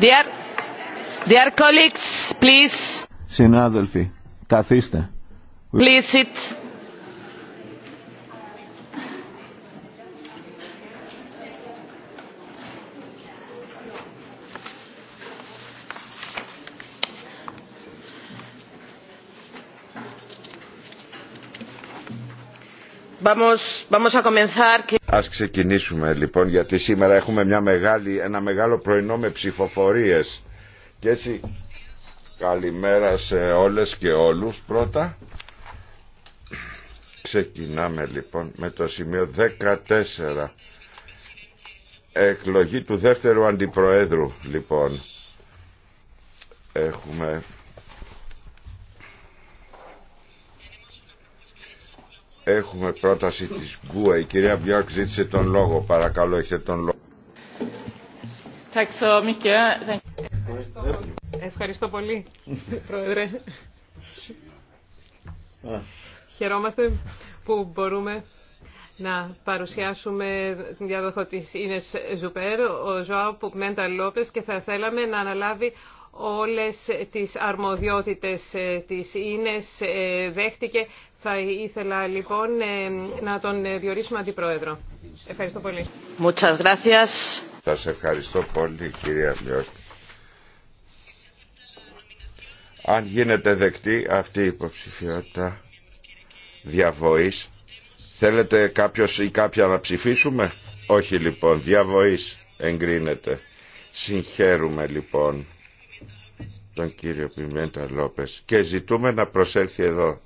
Dear, dear colleagues, please. Συνάδελφοι, καθίστε. Please sit. Ας ξεκινήσουμε λοιπόν γιατί σήμερα έχουμε μια μεγάλη, ένα μεγάλο πρωινό με ψηφοφορίες. Και έτσι καλημέρα σε όλες και όλους πρώτα. Ξεκινάμε λοιπόν με το σημείο 14. Εκλογή του δεύτερου αντιπροέδρου λοιπόν. Έχουμε Έχουμε πρόταση της Γκουα. Η κυρία Μπιόρκ ζήτησε τον λόγο. Παρακαλώ, έχετε τον λόγο. Ευχαριστώ πολύ, Πρόεδρε. Χαιρόμαστε που μπορούμε να παρουσιάσουμε την διάδοχο της Ίνες Ζουπέρ, ο Ζωάου Πουκμέντα Λόπες και θα θέλαμε να αναλάβει όλες τις αρμοδιότητες ε, της Ίνες ε, δέχτηκε. Θα ήθελα λοιπόν ε, να τον διορίσουμε αντιπρόεδρο. Ευχαριστώ πολύ. Muchas gracias. Σας ευχαριστώ πολύ κυρία Αν γίνεται δεκτή αυτή η υποψηφιότητα διαβοής, θέλετε κάποιος ή κάποια να ψηφίσουμε. Όχι λοιπόν, διαβοής εγκρίνεται. Συγχαίρουμε λοιπόν τον κύριο Πιμέντα Λόπες και ζητούμε να προσέλθει εδώ.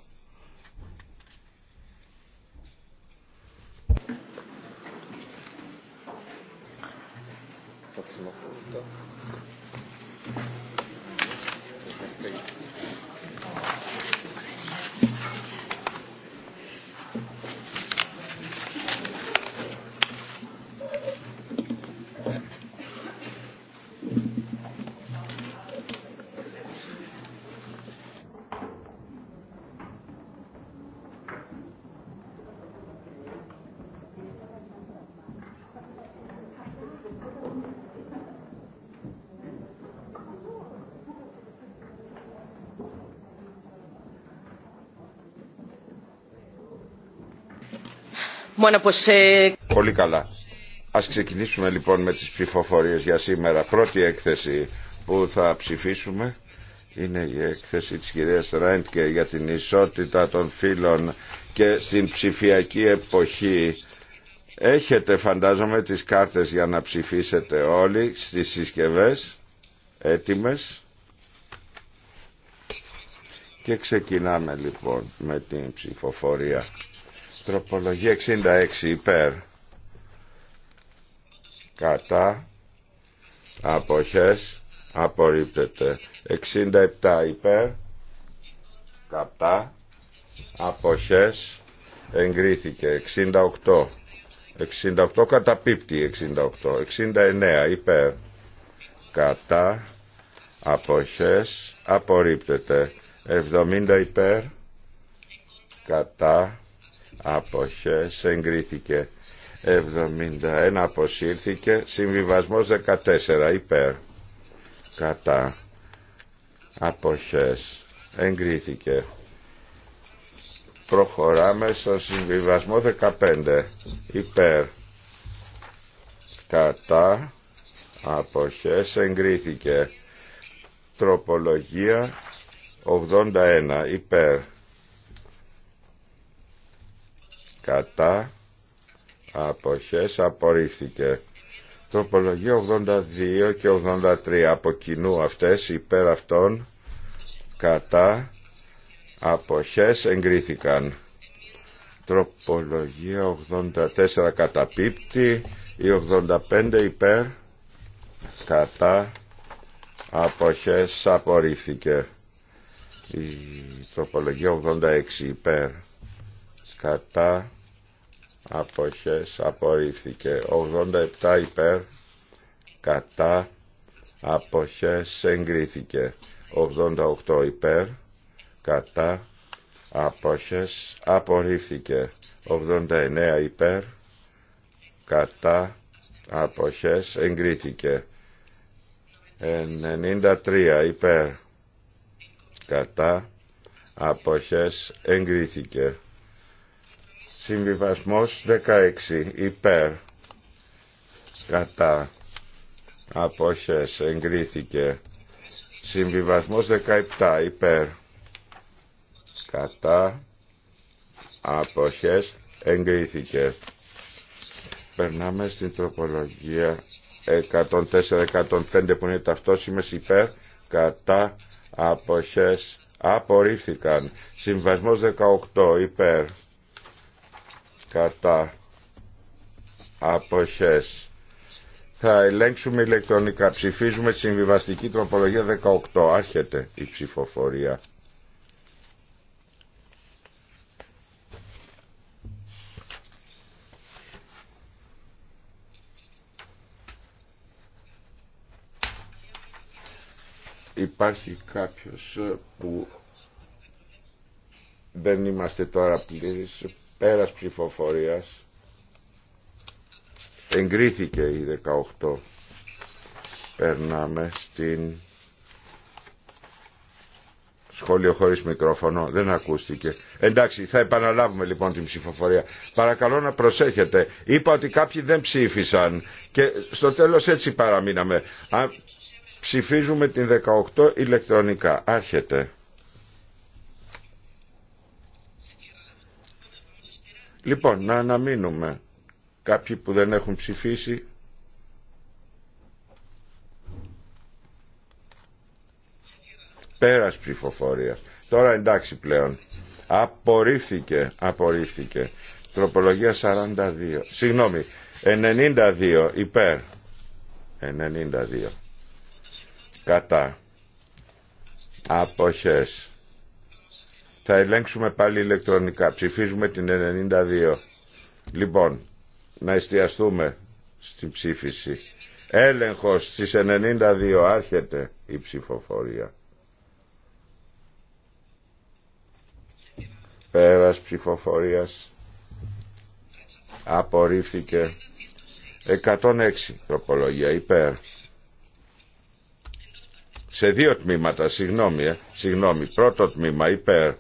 Eh, Πολύ καλά. Ας ξεκινήσουμε λοιπόν με τις ψηφοφορίες για σήμερα. Πρώτη έκθεση που θα ψηφίσουμε είναι η έκθεση της κυρίας Ρέντκε για την ισότητα των φύλων και στην ψηφιακή εποχή. Έχετε φαντάζομαι τις κάρτες για να ψηφίσετε όλοι στις συσκευές έτοιμες. Και ξεκινάμε λοιπόν με την ψηφοφορία. Τροπολογία 66 υπέρ. Κατά. Αποχές. Απορρίπτεται. 67 υπέρ. Κατά. Αποχές. Εγκρίθηκε. 68. 68 καταπίπτει 68. 69 υπέρ. Κατά. Αποχές. Απορρίπτεται. 70 υπέρ. Κατά αποχές εγκρίθηκε 71 αποσύρθηκε συμβιβασμός 14 υπέρ κατά αποχές εγκρίθηκε προχωράμε στο συμβιβασμό 15 υπέρ κατά αποχές εγκρίθηκε τροπολογία 81 υπέρ κατά αποχές απορρίφθηκε. Τροπολογία 82 και 83 από κοινού αυτές υπέρ αυτών κατά αποχές εγκρίθηκαν. Τροπολογία 84 πίπτη. Η τροπολογία 86 υπέρ κατά αποχές απορρίφθηκε 87 υπέρ κατά αποχές εγκρίθηκε 88 υπέρ κατά αποχές απορρίφθηκε 89 υπέρ κατά αποχές εγκρίθηκε 93 υπέρ κατά αποχές εγκρίθηκε Συμβιβασμός 16 υπέρ κατά απόχες εγκρίθηκε. Συμβιβασμός 17 υπέρ κατά απόχες εγκρίθηκε. Περνάμε στην τροπολογία 104-105 που είναι ταυτόσιμες υπέρ κατά αποχές απορρίφθηκαν. Συμβιβασμός 18 υπέρ κατά αποχές θα ελέγξουμε ηλεκτρονικά ψηφίζουμε τη συμβιβαστική τροπολογία 18 άρχεται η ψηφοφορία υπάρχει κάποιος που δεν είμαστε τώρα πλήρης Πέρας ψηφοφορίας εγκρίθηκε η 18. Περνάμε στην σχόλιο χωρίς μικρόφωνο. Δεν ακούστηκε. Εντάξει, θα επαναλάβουμε λοιπόν την ψηφοφορία. Παρακαλώ να προσέχετε. Είπα ότι κάποιοι δεν ψήφισαν και στο τέλος έτσι παραμείναμε. Ψηφίζουμε την 18 ηλεκτρονικά. Άρχεται. Λοιπόν, να αναμείνουμε. Κάποιοι που δεν έχουν ψηφίσει. Πέρας ψηφοφορίας. Τώρα εντάξει πλέον. Απορρίφθηκε, απορρίφθηκε. Τροπολογία 42. Συγγνώμη, 92 υπέρ. 92. Κατά. Αποχές. Θα ελέγξουμε πάλι ηλεκτρονικά. Ψηφίζουμε την 92. Λοιπόν, να εστιαστούμε στην ψήφιση. Έλεγχος στις 92 άρχεται η ψηφοφορία. Πέρας ψηφοφορίας απορρίφθηκε 106 τροπολογία υπέρ. Σε δύο τμήματα, συγγνώμη, ε, συγγνώμη, πρώτο τμήμα υπέρ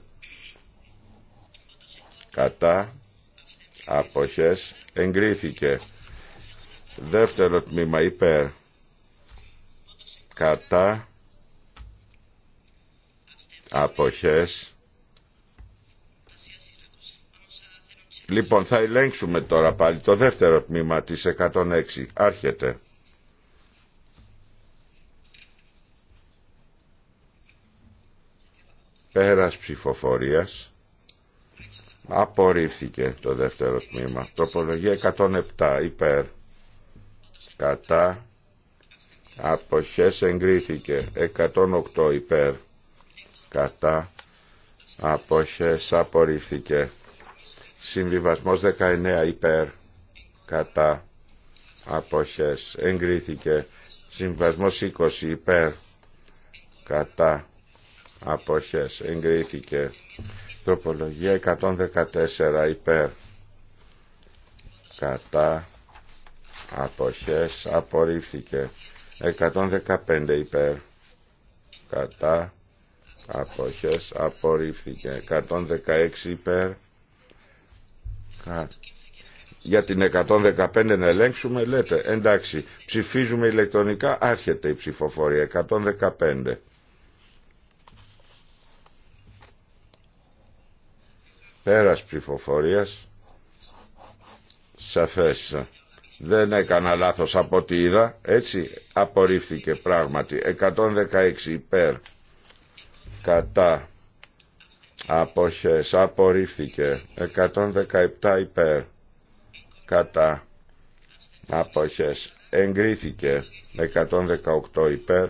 κατά αποχές εγκρίθηκε δεύτερο τμήμα υπέρ κατά αποχές Λοιπόν, θα ελέγξουμε τώρα πάλι το δεύτερο τμήμα της 106. Άρχεται. Πέρας ψηφοφορίας. Απορρίφθηκε το δεύτερο τμήμα. Τροπολογία 107 υπέρ. Κατά. Αποχές εγκρίθηκε. 108 υπέρ. Κατά. Αποχές απορρίφθηκε. Συμβιβασμός 19 υπέρ. Κατά. Αποχές εγκρίθηκε. Συμβιβασμός 20 υπέρ. Κατά. Αποχές εγκρίθηκε. Τροπολογία 114 υπέρ κατά αποχές απορρίφθηκε 115 υπέρ κατά αποχές απορρίφθηκε 116 υπέρ για την 115 να ελέγξουμε λέτε εντάξει ψηφίζουμε ηλεκτρονικά άρχεται η ψηφοφορία 115 Πέρας ψηφοφορίας. Σαφές. Δεν έκανα λάθος από ό,τι είδα. Έτσι απορρίφθηκε πράγματι. 116 υπέρ. Κατά. Αποχές. Απορρίφθηκε. 117 υπέρ. Κατά. Αποχές. Εγκρίθηκε. 118 υπέρ.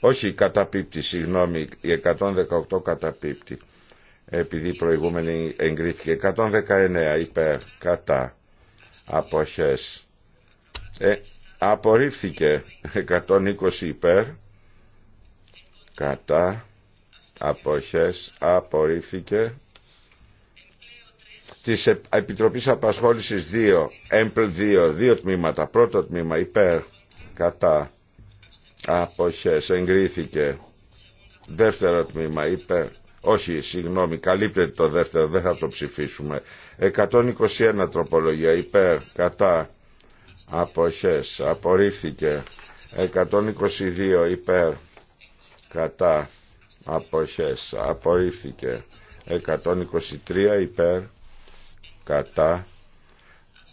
Όχι καταπίπτει, συγγνώμη, η 118 καταπίπτει επειδή η προηγούμενη εγκρίθηκε 119 υπέρ κατά αποχές ε, απορρίφθηκε 120 υπέρ κατά αποχές απορρίφθηκε της Επιτροπής Απασχόλησης 2 ΕΜΠΛ 2 δύο τμήματα πρώτο τμήμα υπέρ κατά αποχές εγκρίθηκε δεύτερο τμήμα υπέρ όχι, συγγνώμη, καλύπτεται το δεύτερο, δεν θα το ψηφίσουμε. 121 τροπολογία, υπέρ, κατά, αποχές, απορρίφθηκε. 122 υπέρ, κατά, αποχές, απορρίφθηκε. 123 υπέρ, κατά,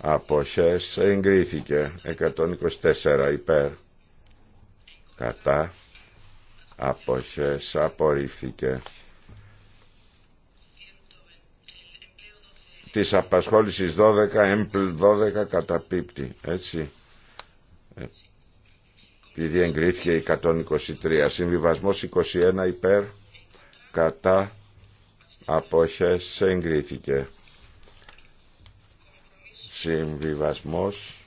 αποχές, εγκρίθηκε. 124 υπέρ, κατά, αποχές, απορρίφθηκε. της απασχόλησης 12, έμπλ 12 καταπίπτει. Έτσι. Επειδή εγκρίθηκε η 123. Συμβιβασμός 21 υπέρ κατά απόχες εγκρίθηκε. Συμβιβασμός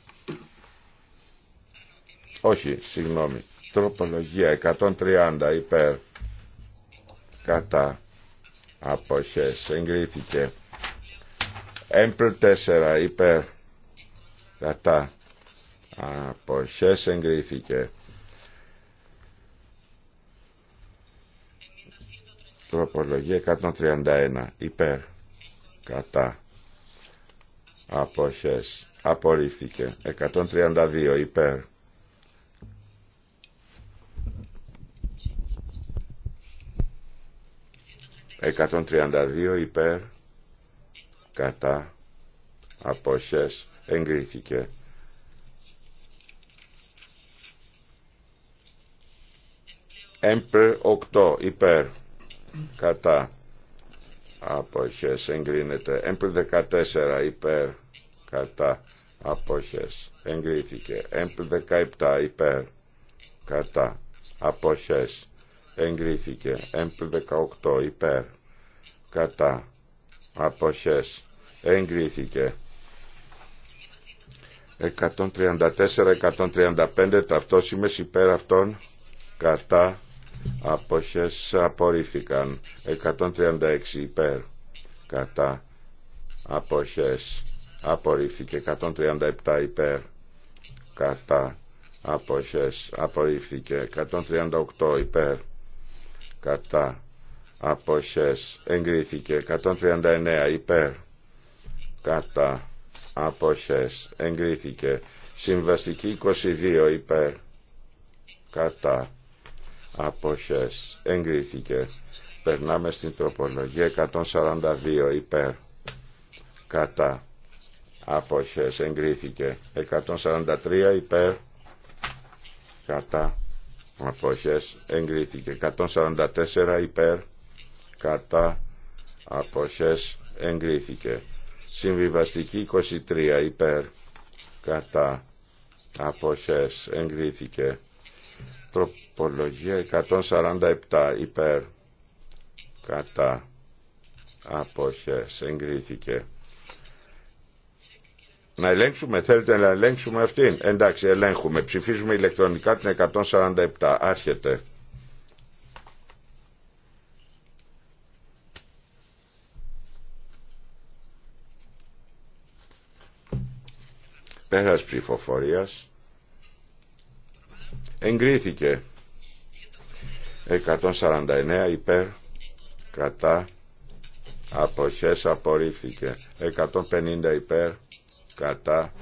όχι, συγγνώμη. Τροπολογία 130 υπέρ κατά απόχες εγκρίθηκε. Έμπλ 4 υπέρ κατά αποχές εγκρίθηκε. Τροπολογία 131 υπέρ κατά αποχές απορρίφθηκε 132 υπέρ ...132 υπέρ κατά αποχές εγκρίθηκε. Έμπρε 8 υπέρ κατά αποχές εγκρίνεται. Έμπρε 14 υπέρ κατά αποχές εγκρίθηκε. Έμπρε 17 υπέρ κατά αποχές εγκρίθηκε. Έμπρε 18 υπέρ κατά αποχές εγκρίθηκε 134-135 ταυτόσημες υπέρ αυτών κατά αποχές απορρίφθηκαν 136 υπέρ κατά αποχές απορρίφθηκε 137 υπέρ κατά αποχές απορρίφθηκε 138 υπέρ κατά αποχές εγκρίθηκε 139 υπέρ κατά αποχές εγκρίθηκε συμβαστική 22 υπέρ κατά αποχές εγκρίθηκε περνάμε στην τροπολογία 142 υπέρ κατά αποχές εγκρίθηκε 143 υπέρ κατά αποχές εγκρίθηκε 144 υπέρ κατά αποχές εγκρίθηκε συμβιβαστική 23 υπέρ κατά αποχές εγκρίθηκε τροπολογία 147 υπέρ κατά αποχές εγκρίθηκε να ελέγξουμε, θέλετε να ελέγξουμε αυτήν. Εντάξει, ελέγχουμε. Ψηφίζουμε ηλεκτρονικά την 147. Άρχεται. Πέρας ψηφοφορίας. Εγκρίθηκε. 149 υπέρ. Κατά. Αποχές απορρίφθηκε. 150 υπέρ. Κατά.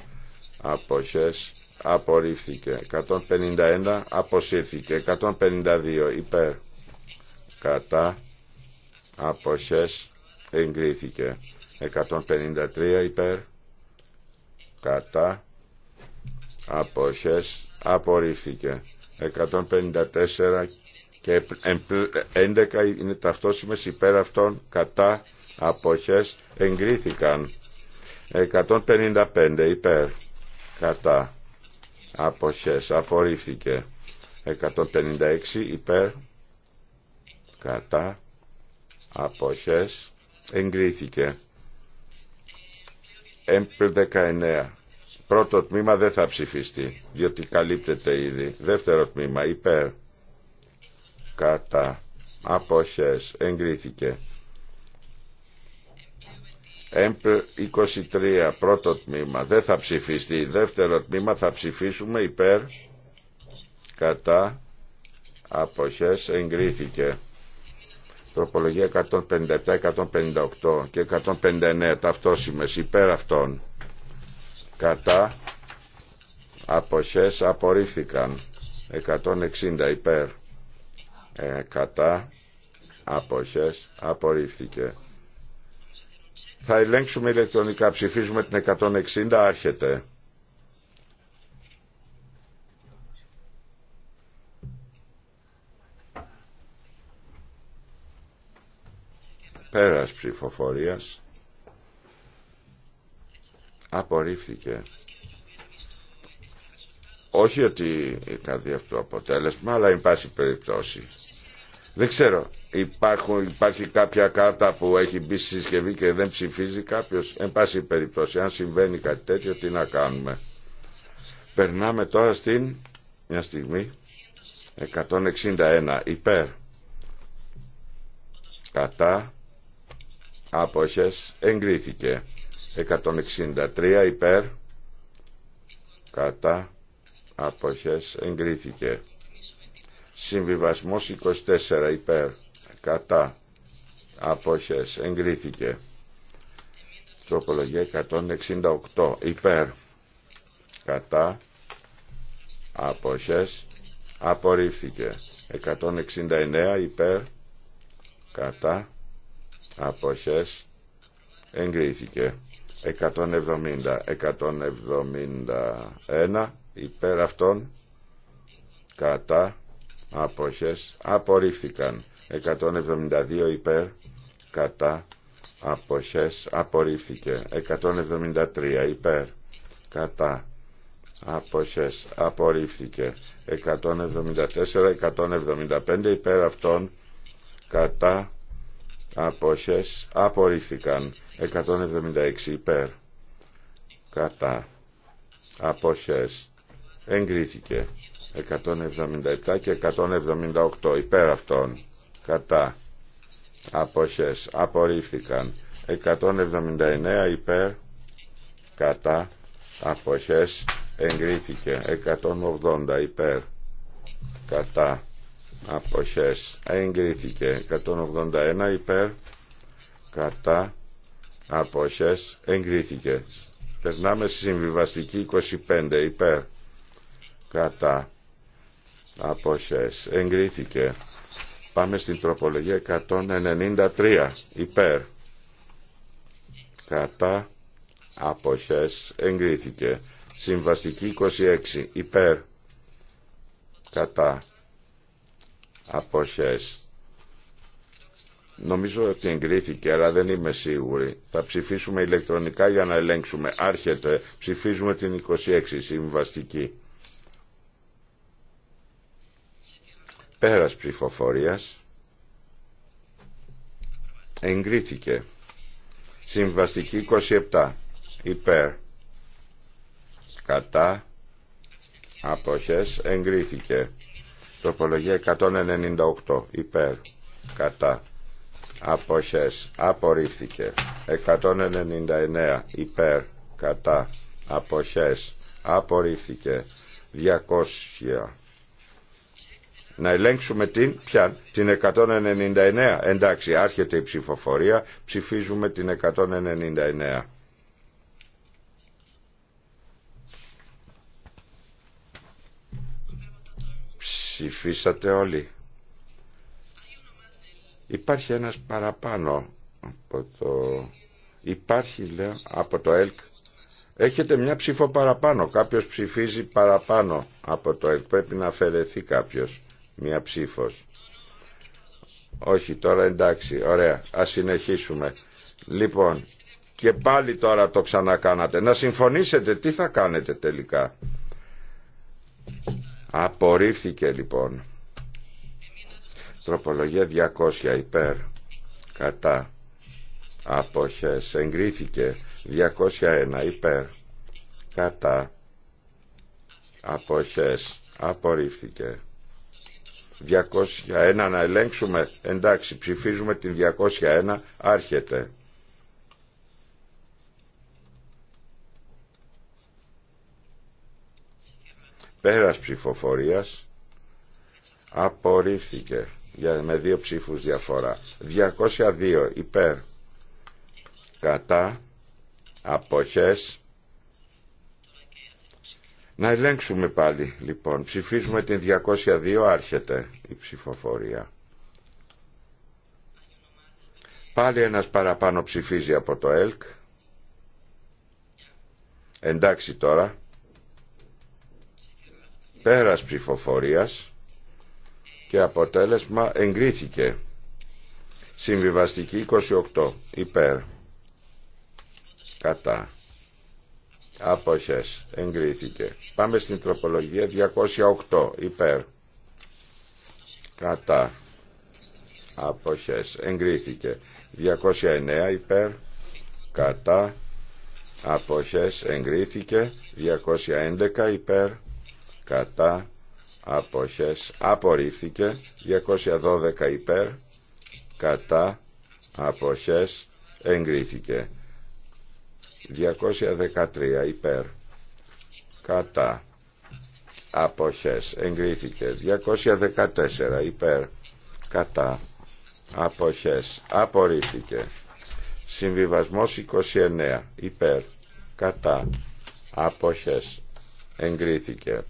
Αποχές απορρίφθηκε. 151 αποσύρθηκε. 152 υπέρ. Κατά. Αποχές εγκρίθηκε. 153 υπέρ κατά αποχές απορρίφθηκε 154 και 11 είναι ταυτόσιμες υπέρ αυτών κατά αποχές εγκρίθηκαν 155 υπέρ κατά αποχές απορρίφθηκε 156 υπέρ κατά αποχές εγκρίθηκε Έμπλ 19. Πρώτο τμήμα δεν θα ψηφιστεί, διότι καλύπτεται ήδη. Δεύτερο τμήμα, υπέρ, κατά, αποχές, εγκρίθηκε. Έμπλ 23, πρώτο τμήμα, δεν θα ψηφιστεί. Δεύτερο τμήμα θα ψηφίσουμε υπέρ, κατά, αποχές, εγκρίθηκε. Τροπολογία 157, 158 και 159 ταυτόσημες υπέρ αυτών. Κατά αποχές απορρίφθηκαν. 160 υπέρ. Ε, κατά αποχές απορρίφθηκε. Θα ελέγξουμε ηλεκτρονικά. Ψηφίζουμε την 160. Άρχεται. Πέρας ψηφοφορίας. Απορρίφθηκε. Όχι ότι είχα δει αυτό το αποτέλεσμα, αλλά εν πάση περιπτώσει. Δεν ξέρω, υπάρχουν, υπάρχει κάποια κάρτα που έχει μπει στη συσκευή και δεν ψηφίζει κάποιος. Εν πάση περιπτώσει, αν συμβαίνει κάτι τέτοιο, τι να κάνουμε. Περνάμε τώρα στην, μια στιγμή, 161, υπέρ, κατά, άποχες εγκρίθηκε 163 υπέρ κατά άποχες εγκρίθηκε συμβιβασμός 24 υπέρ κατά άποχες εγκρίθηκε τροπολογία 168 υπέρ κατά άποχες απορρίφθηκε 169 υπέρ κατά αποχές εγκρίθηκε 170 171 υπέρ αυτών κατά αποχές απορρίφθηκαν 172 υπέρ κατά αποχές απορρίφθηκε 173 υπέρ κατά αποχές απορρίφθηκε 174 175 υπέρ αυτών κατά αποχές απορρίφθηκαν 176 υπέρ κατά αποχές εγκρίθηκε 177 και 178 υπέρ αυτών κατά αποχές απορρίφθηκαν 179 υπέρ κατά αποχές εγκρίθηκε 180 υπέρ κατά αποχές εγκρίθηκε 181 υπέρ κατά αποχές εγκρίθηκε περνάμε στη συμβιβαστική 25 υπέρ κατά αποχές εγκρίθηκε πάμε στην τροπολογία 193 υπέρ κατά αποχές εγκρίθηκε συμβαστική 26 υπέρ κατά αποχές. Νομίζω ότι εγκρίθηκε, αλλά δεν είμαι σίγουρη. Θα ψηφίσουμε ηλεκτρονικά για να ελέγξουμε. Άρχεται, ψηφίζουμε την 26, συμβαστική. Πέρας ψηφοφορίας. Εγκρίθηκε. Συμβαστική 27. Υπέρ. Κατά. Αποχές. Εγκρίθηκε. Τοπολογία 198 υπέρ κατά αποχές απορρίφθηκε 199 υπέρ κατά αποχές απορρίφθηκε 200 να ελέγξουμε την πια την 199 εντάξει άρχεται η ψηφοφορία ψηφίζουμε την 199 Ψηφίσατε όλοι. Υπάρχει ένας παραπάνω από το... Υπάρχει, λέω, από το ΕΛΚ. Έχετε μια ψήφο παραπάνω. Κάποιος ψηφίζει παραπάνω από το ΕΛΚ. Πρέπει να αφαιρεθεί κάποιος. Μια ψήφος. Όχι, τώρα εντάξει. Ωραία. Ας συνεχίσουμε. Λοιπόν, και πάλι τώρα το ξανακάνατε. Να συμφωνήσετε τι θα κάνετε τελικά. Απορρίφθηκε λοιπόν. Τροπολογία 200 υπέρ. Κατά. Αποχές. Εγκρίθηκε. 201 υπέρ. Κατά. Αποχές. Απορρίφθηκε. 201 να ελέγξουμε. Εντάξει ψηφίζουμε την 201. Άρχεται. Πέρας ψηφοφορίας απορρίφθηκε για, με δύο ψήφους διαφορά. 202 υπέρ κατά αποχές να ελέγξουμε πάλι λοιπόν. Ψηφίζουμε την 202 άρχεται η ψηφοφορία. Πάλι ένας παραπάνω ψηφίζει από το ΕΛΚ. Εντάξει τώρα πέρας ψηφοφορίας και αποτέλεσμα εγκρίθηκε. Συμβιβαστική 28 υπέρ κατά αποχές εγκρίθηκε. Πάμε στην τροπολογία 208 υπέρ κατά αποχές εγκρίθηκε. 209 υπέρ κατά αποχές εγκρίθηκε. 211 υπέρ κατά αποχές απορρίφθηκε 212 υπέρ κατά αποχές εγκρίθηκε 213 υπέρ κατά αποχές εγκρίθηκε 214 υπέρ κατά αποχές απορρίφθηκε συμβιβασμός 29 υπέρ κατά αποχές εγκρίθηκε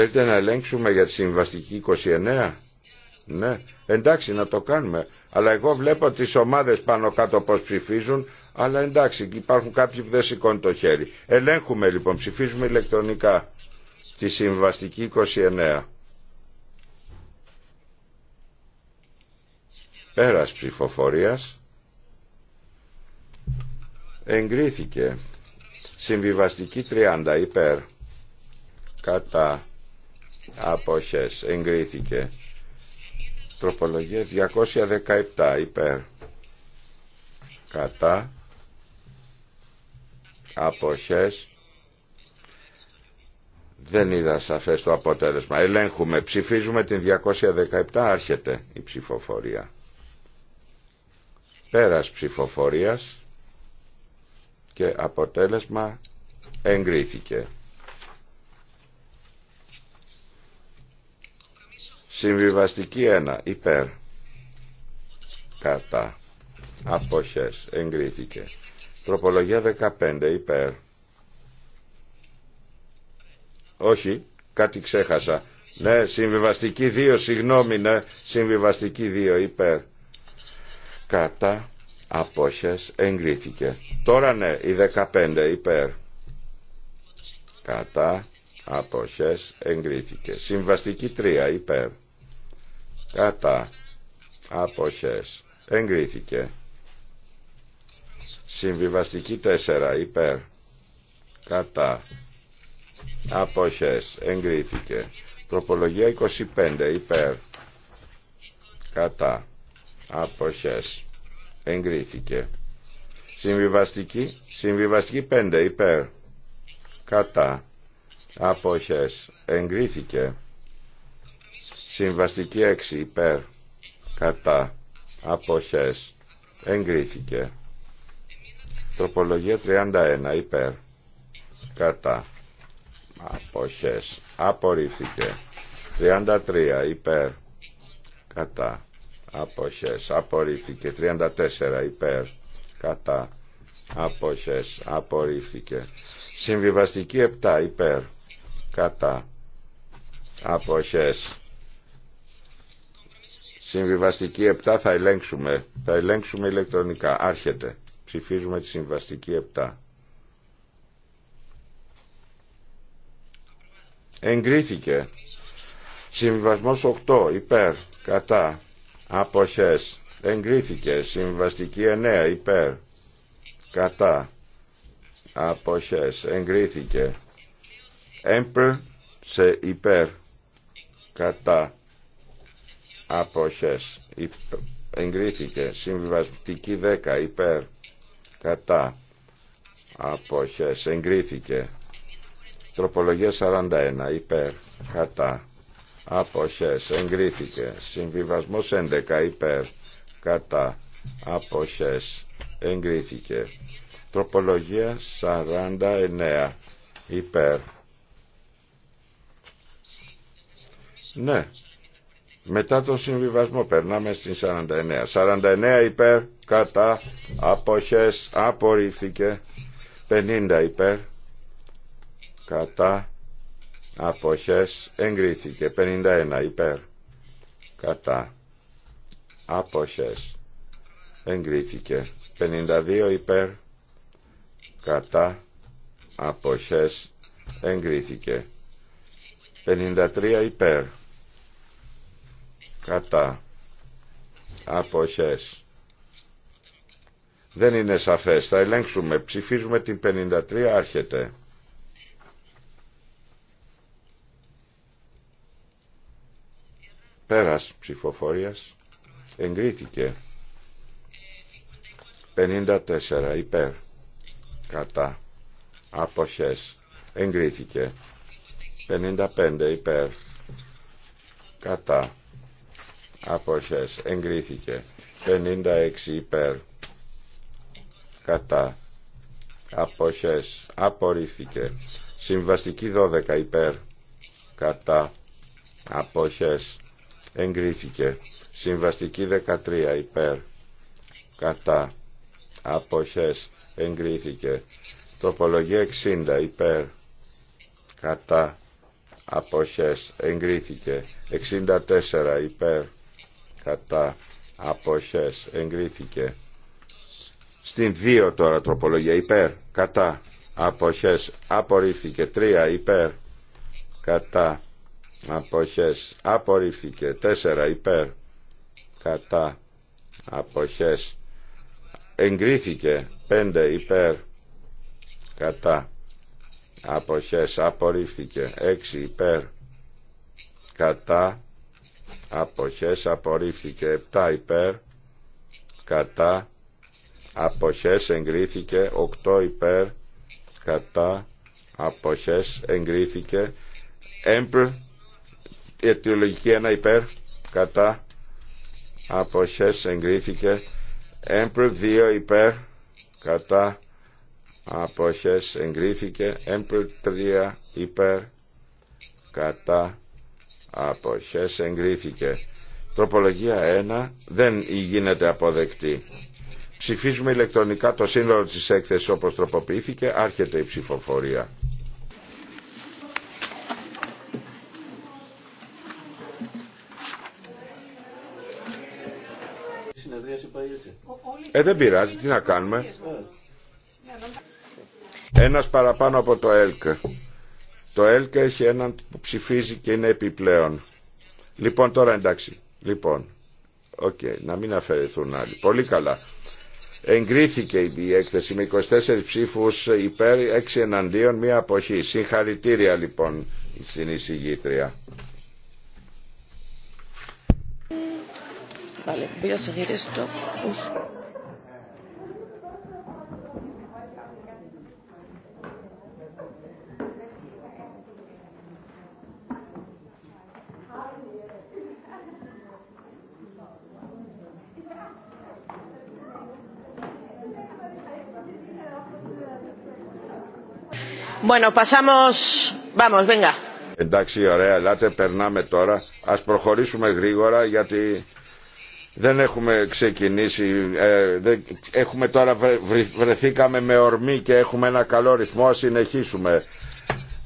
Θέλετε να ελέγξουμε για τη συμβαστική 29. Ναι, εντάξει να το κάνουμε. Αλλά εγώ βλέπω τις ομάδες πάνω κάτω πώς ψηφίζουν, αλλά εντάξει υπάρχουν κάποιοι που δεν σηκώνουν το χέρι. Ελέγχουμε λοιπόν, ψηφίζουμε ηλεκτρονικά τη συμβαστική 29. Πέρας ψηφοφορίας εγκρίθηκε συμβιβαστική 30 υπέρ κατά αποχές εγκρίθηκε τροπολογία 217 υπέρ κατά αποχές δεν είδα σαφές το αποτέλεσμα ελέγχουμε ψηφίζουμε την 217 άρχεται η ψηφοφορία πέρας ψηφοφορίας και αποτέλεσμα εγκρίθηκε Συμβιβαστική 1 υπέρ κατά αποχές εγκρίθηκε. Τροπολογία 15 υπέρ. Όχι, κάτι ξέχασα. Ναι, συμβιβαστική 2, συγγνώμη, ναι, συμβιβαστική 2 υπέρ. Κατά απόχες εγκρίθηκε. Τώρα ναι, η 15 υπέρ. Κατά απόχες εγκρίθηκε. Συμβαστική 3 υπέρ κατά αποχές εγκρίθηκε συμβιβαστική 4 υπέρ κατά αποχές εγκρίθηκε Προπολογία 25 υπέρ κατά αποχές εγκρίθηκε συμβιβαστική συμβιβαστική 5 υπέρ κατά αποχές εγκρίθηκε Συμβαστική 6 υπέρ κατά αποχές εγκρίθηκε. Τροπολογία 31 υπέρ κατά αποχές απορρίφθηκε. 33 υπέρ κατά αποχές απορρίφθηκε. 34 υπέρ κατά αποχές απορρίφθηκε. Συμβιβαστική 7 υπέρ κατά αποχές Συμβιβαστική 7 θα ελέγξουμε. Θα ελέγξουμε ηλεκτρονικά. Άρχεται. Ψηφίζουμε τη συμβαστική 7. Εγκρίθηκε. Συμβιβασμός 8 υπέρ. Κατά. Αποχές. Εγκρίθηκε. Συμβιβαστική 9 υπέρ. Κατά. Αποχές. Εγκρίθηκε. Έμπρ σε υπέρ. Κατά αποχές εγκρίθηκε συμβιβαστική 10 υπέρ κατά αποχές εγκρίθηκε τροπολογία 41 υπέρ κατά αποχές εγκρίθηκε συμβιβασμός 11 υπέρ κατά αποχές εγκρίθηκε τροπολογία 49 υπέρ ναι μετά τον συμβιβασμό περνάμε στην 49. 49 υπέρ, κατά, αποχές, απορρίφθηκε. 50 υπέρ, κατά, αποχές, εγκρίθηκε. 51 υπέρ, κατά, αποχές, εγκρίθηκε. 52 υπέρ, κατά, αποχές, εγκρίθηκε. 53 υπέρ, κατά αποχές δεν είναι σαφές θα ελέγξουμε ψηφίζουμε την 53 άρχεται πέρας ψηφοφορίας εγκρίθηκε 54 υπέρ κατά αποχές εγκρίθηκε 55 υπέρ κατά αποχές εγκρίθηκε 56 υπέρ κατά αποχές απορρίφθηκε συμβαστική 12 υπέρ κατά αποχές εγκρίθηκε συμβαστική 13 υπέρ κατά αποχές εγκρίθηκε τοπολογία 60 υπέρ κατά αποχές εγκρίθηκε 64 υπέρ κατά απόχέ εγκρίθηκε στην 2 τώρα τροπολογία υπέρ κατά απόχέ, απορρίφθηκε 3 υπέρ κατά απόχέ, απορρίφθηκε 4 υπέρ κατά Αποχέ. εγκρίθηκε 5 υπέρ κατά Αποχέ, απορρίφθηκε 6 υπέρ κατά αποχές απορρίφθηκε 7 υπέρ κατά αποχές εγκρίθηκε 8 υπέρ κατά αποχές εγκρίθηκε έμπρ αιτιολογική 1 υπέρ κατά αποχές εγκρίθηκε έμπρ 2 υπέρ κατά αποχές εγκρίθηκε έμπρ 3 υπέρ κατά αποχές εγκρίθηκε. Τροπολογία 1 δεν γίνεται αποδεκτή. Ψηφίζουμε ηλεκτρονικά το σύνολο της έκθεσης όπως τροποποιήθηκε. Άρχεται η ψηφοφορία. Ε, δεν πειράζει. Τι να κάνουμε. Ε. Ένας παραπάνω από το ΕΛΚ. Το ΕΛΚΑ έχει έναν που ψηφίζει και είναι επιπλέον. Λοιπόν τώρα εντάξει. Λοιπόν. Οκ. Okay. Να μην αφαιρεθούν άλλοι. Πολύ καλά. Εγκρίθηκε η έκθεση με 24 ψήφους υπέρ, 6 εναντίον, μία αποχή. Συγχαρητήρια λοιπόν στην εισηγήτρια. Vale, Εντάξει, ωραία, ελάτε, περνάμε τώρα. Ας προχωρήσουμε γρήγορα γιατί δεν έχουμε ξεκινήσει. Ε, έχουμε τώρα βρεθήκαμε με ορμή και έχουμε ένα καλό ρυθμό, συνεχίσουμε.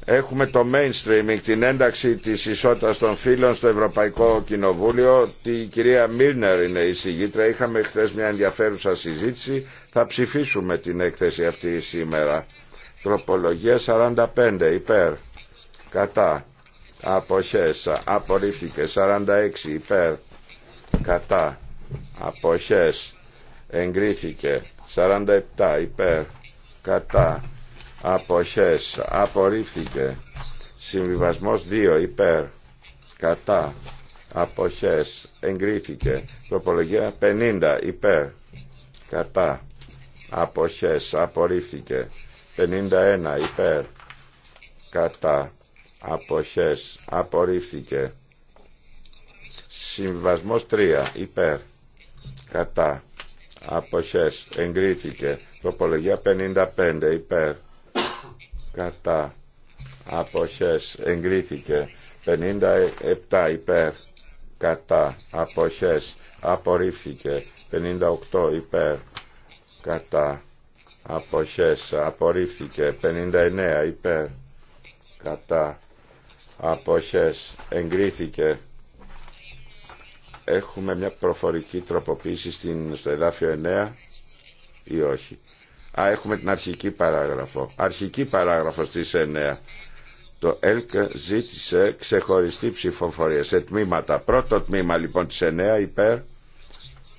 Έχουμε το mainstreaming, την ένταξη της ισότητας των φίλων στο Ευρωπαϊκό Κοινοβούλιο. Τη κυρία Μίρνερ είναι η συγγήτρα. Είχαμε χθε μια ενδιαφέρουσα συζήτηση. Θα ψηφίσουμε την έκθεση αυτή σήμερα. Τροπολογία 45 υπέρ. Κατά. Αποχές. Απορρίφθηκε. 46 υπέρ. Κατά. Αποχές. Εγκρίθηκε. 47 υπέρ. Κατά. Αποχές. Απορρίφθηκε. Συμβιβασμός 2 υπέρ. Κατά. Αποχές. Εγκρίθηκε. Τροπολογία 50 υπέρ. Κατά. Αποχές. Απορρίφθηκε. 51 υπέρ κατά αποχές απορρίφθηκε συμβασμός 3 υπέρ κατά αποχές εγκρίθηκε τροπολογία 55 υπέρ κατά αποχές εγκρίθηκε 57 υπέρ κατά αποχές απορρίφθηκε 58 υπέρ κατά αποχές απορρίφθηκε 59 υπέρ κατά αποχές εγκρίθηκε έχουμε μια προφορική τροποποίηση στην, στο εδάφιο 9 ή όχι α έχουμε την αρχική παράγραφο αρχική παράγραφο στις 9 το ΕΛΚ ζήτησε ξεχωριστή ψηφοφορία σε τμήματα. Πρώτο τμήμα λοιπόν της 9 υπέρ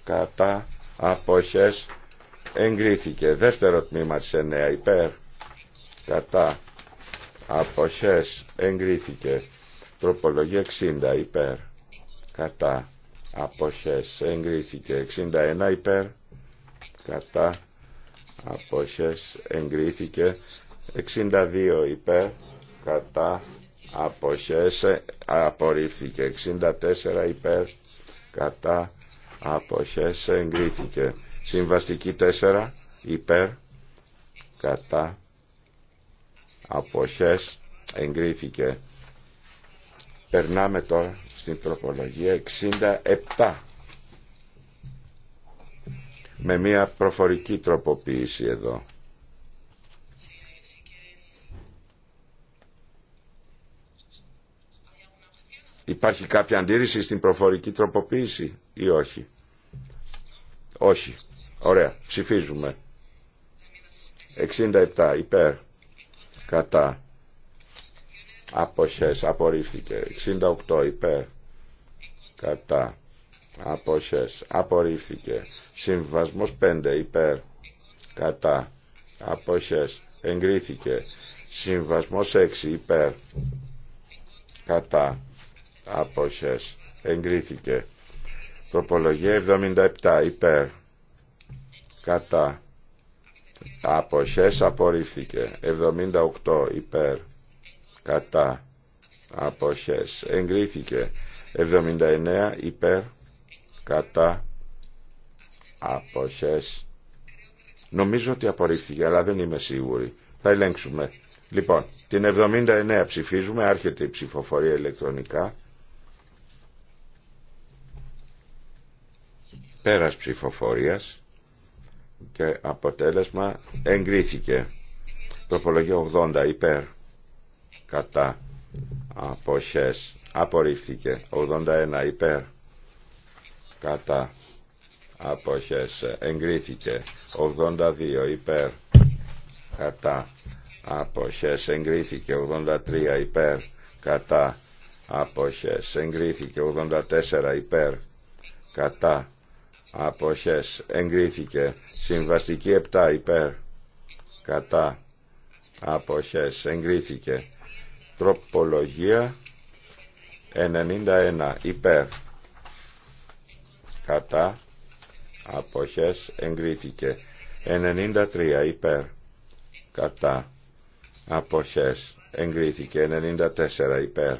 κατά αποχές εγκρίθηκε. Δεύτερο τμήμα της 9 υπέρ κατά αποχές εγκρίθηκε. Τροπολογία 60 υπέρ κατά αποχές εγκρίθηκε. 61 υπέρ κατά αποχές εγκρίθηκε. 62 υπέρ κατά αποχές ε, απορρίφθηκε 64 υπέρ κατά αποχές εγκρίθηκε Συμβαστική 4 υπέρ κατά αποχές εγκρίθηκε. Περνάμε τώρα στην τροπολογία 67 με μια προφορική τροποποίηση εδώ. Υπάρχει κάποια αντίρρηση στην προφορική τροποποίηση ή όχι. Όχι. Ωραία, ψηφίζουμε. 67 υπέρ κατά αποχές απορρίφθηκε 68 υπέρ κατά αποχές απορρίφθηκε συμβασμός 5 υπέρ κατά αποχές εγκρίθηκε συμβασμός 6 υπέρ κατά αποχές εγκρίθηκε τροπολογία 77 υπέρ κατά αποχές απορρίφθηκε 78 υπέρ κατά αποχές εγκρίθηκε 79 υπέρ κατά αποχές νομίζω ότι απορρίφθηκε αλλά δεν είμαι σίγουρη θα ελέγξουμε λοιπόν την 79 ψηφίζουμε άρχεται η ψηφοφορία ηλεκτρονικά πέρας ψηφοφορίας και αποτέλεσμα εγκρίθηκε. Τροπολογία 80 υπέρ κατά αποχές απορρίφθηκε. 81 υπέρ κατά αποχές εγκρίθηκε. 82 υπέρ κατά αποχές εγκρίθηκε. 83 υπέρ κατά αποχές εγκρίθηκε. 84 υπέρ κατά αποχές εγκρίθηκε συμβαστική 7 υπέρ κατά αποχές εγκρίθηκε τροπολογία 91 υπέρ κατά αποχές εγκρίθηκε 93 υπέρ κατά αποχές εγκρίθηκε 94 υπέρ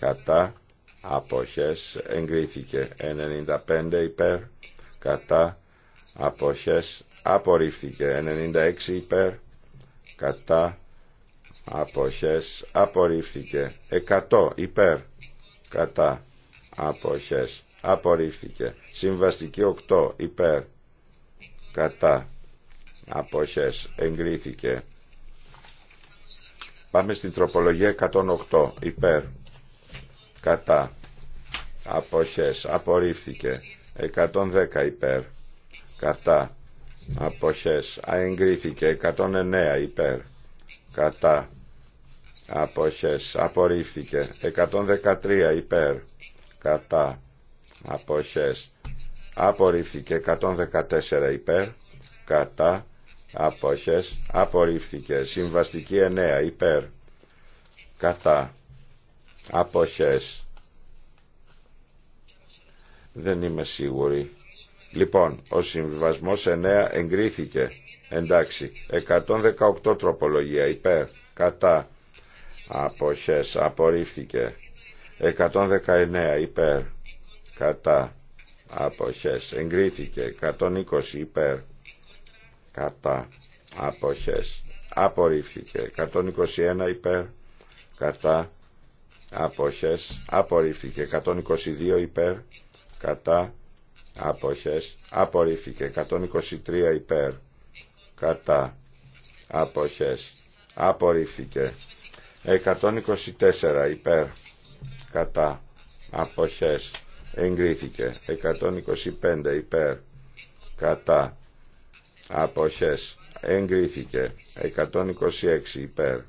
κατά αποχές εγκρίθηκε 95 υπέρ κατά αποχές απορρίφθηκε 96 υπέρ κατά αποχές απορρίφθηκε 100 υπέρ κατά αποχές απορρίφθηκε συμβαστική 8 υπέρ κατά αποχές εγκρίθηκε πάμε στην τροπολογία 108 υπέρ κατά αποχές απορρίφθηκε 110 υπέρ κατά αποχές αεγκρίθηκε 109 υπέρ κατά αποχές απορρίφθηκε 113 υπέρ κατά αποχές απορρίφθηκε 114 υπέρ κατά αποχές απορρίφθηκε συμβαστική 9 υπέρ κατά αποχές δεν είμαι σίγουρη. Λοιπόν, ο συμβιβασμός 9 εγκρίθηκε. Εντάξει, 118 τροπολογία υπέρ, κατά, αποχές, απορρίφθηκε. 119 υπέρ, κατά, αποχές, εγκρίθηκε. 120 υπέρ, κατά, αποχές, απορρίφθηκε. 121 υπέρ, κατά, αποχές, απορρίφθηκε. 122 υπέρ, κατά αποχές απορρίφθηκε 123 υπέρ κατά αποχές απορρίφθηκε 124 υπέρ κατά αποχές εγκρίθηκε 125 υπέρ κατά αποχές εγκρίθηκε 126 υπέρ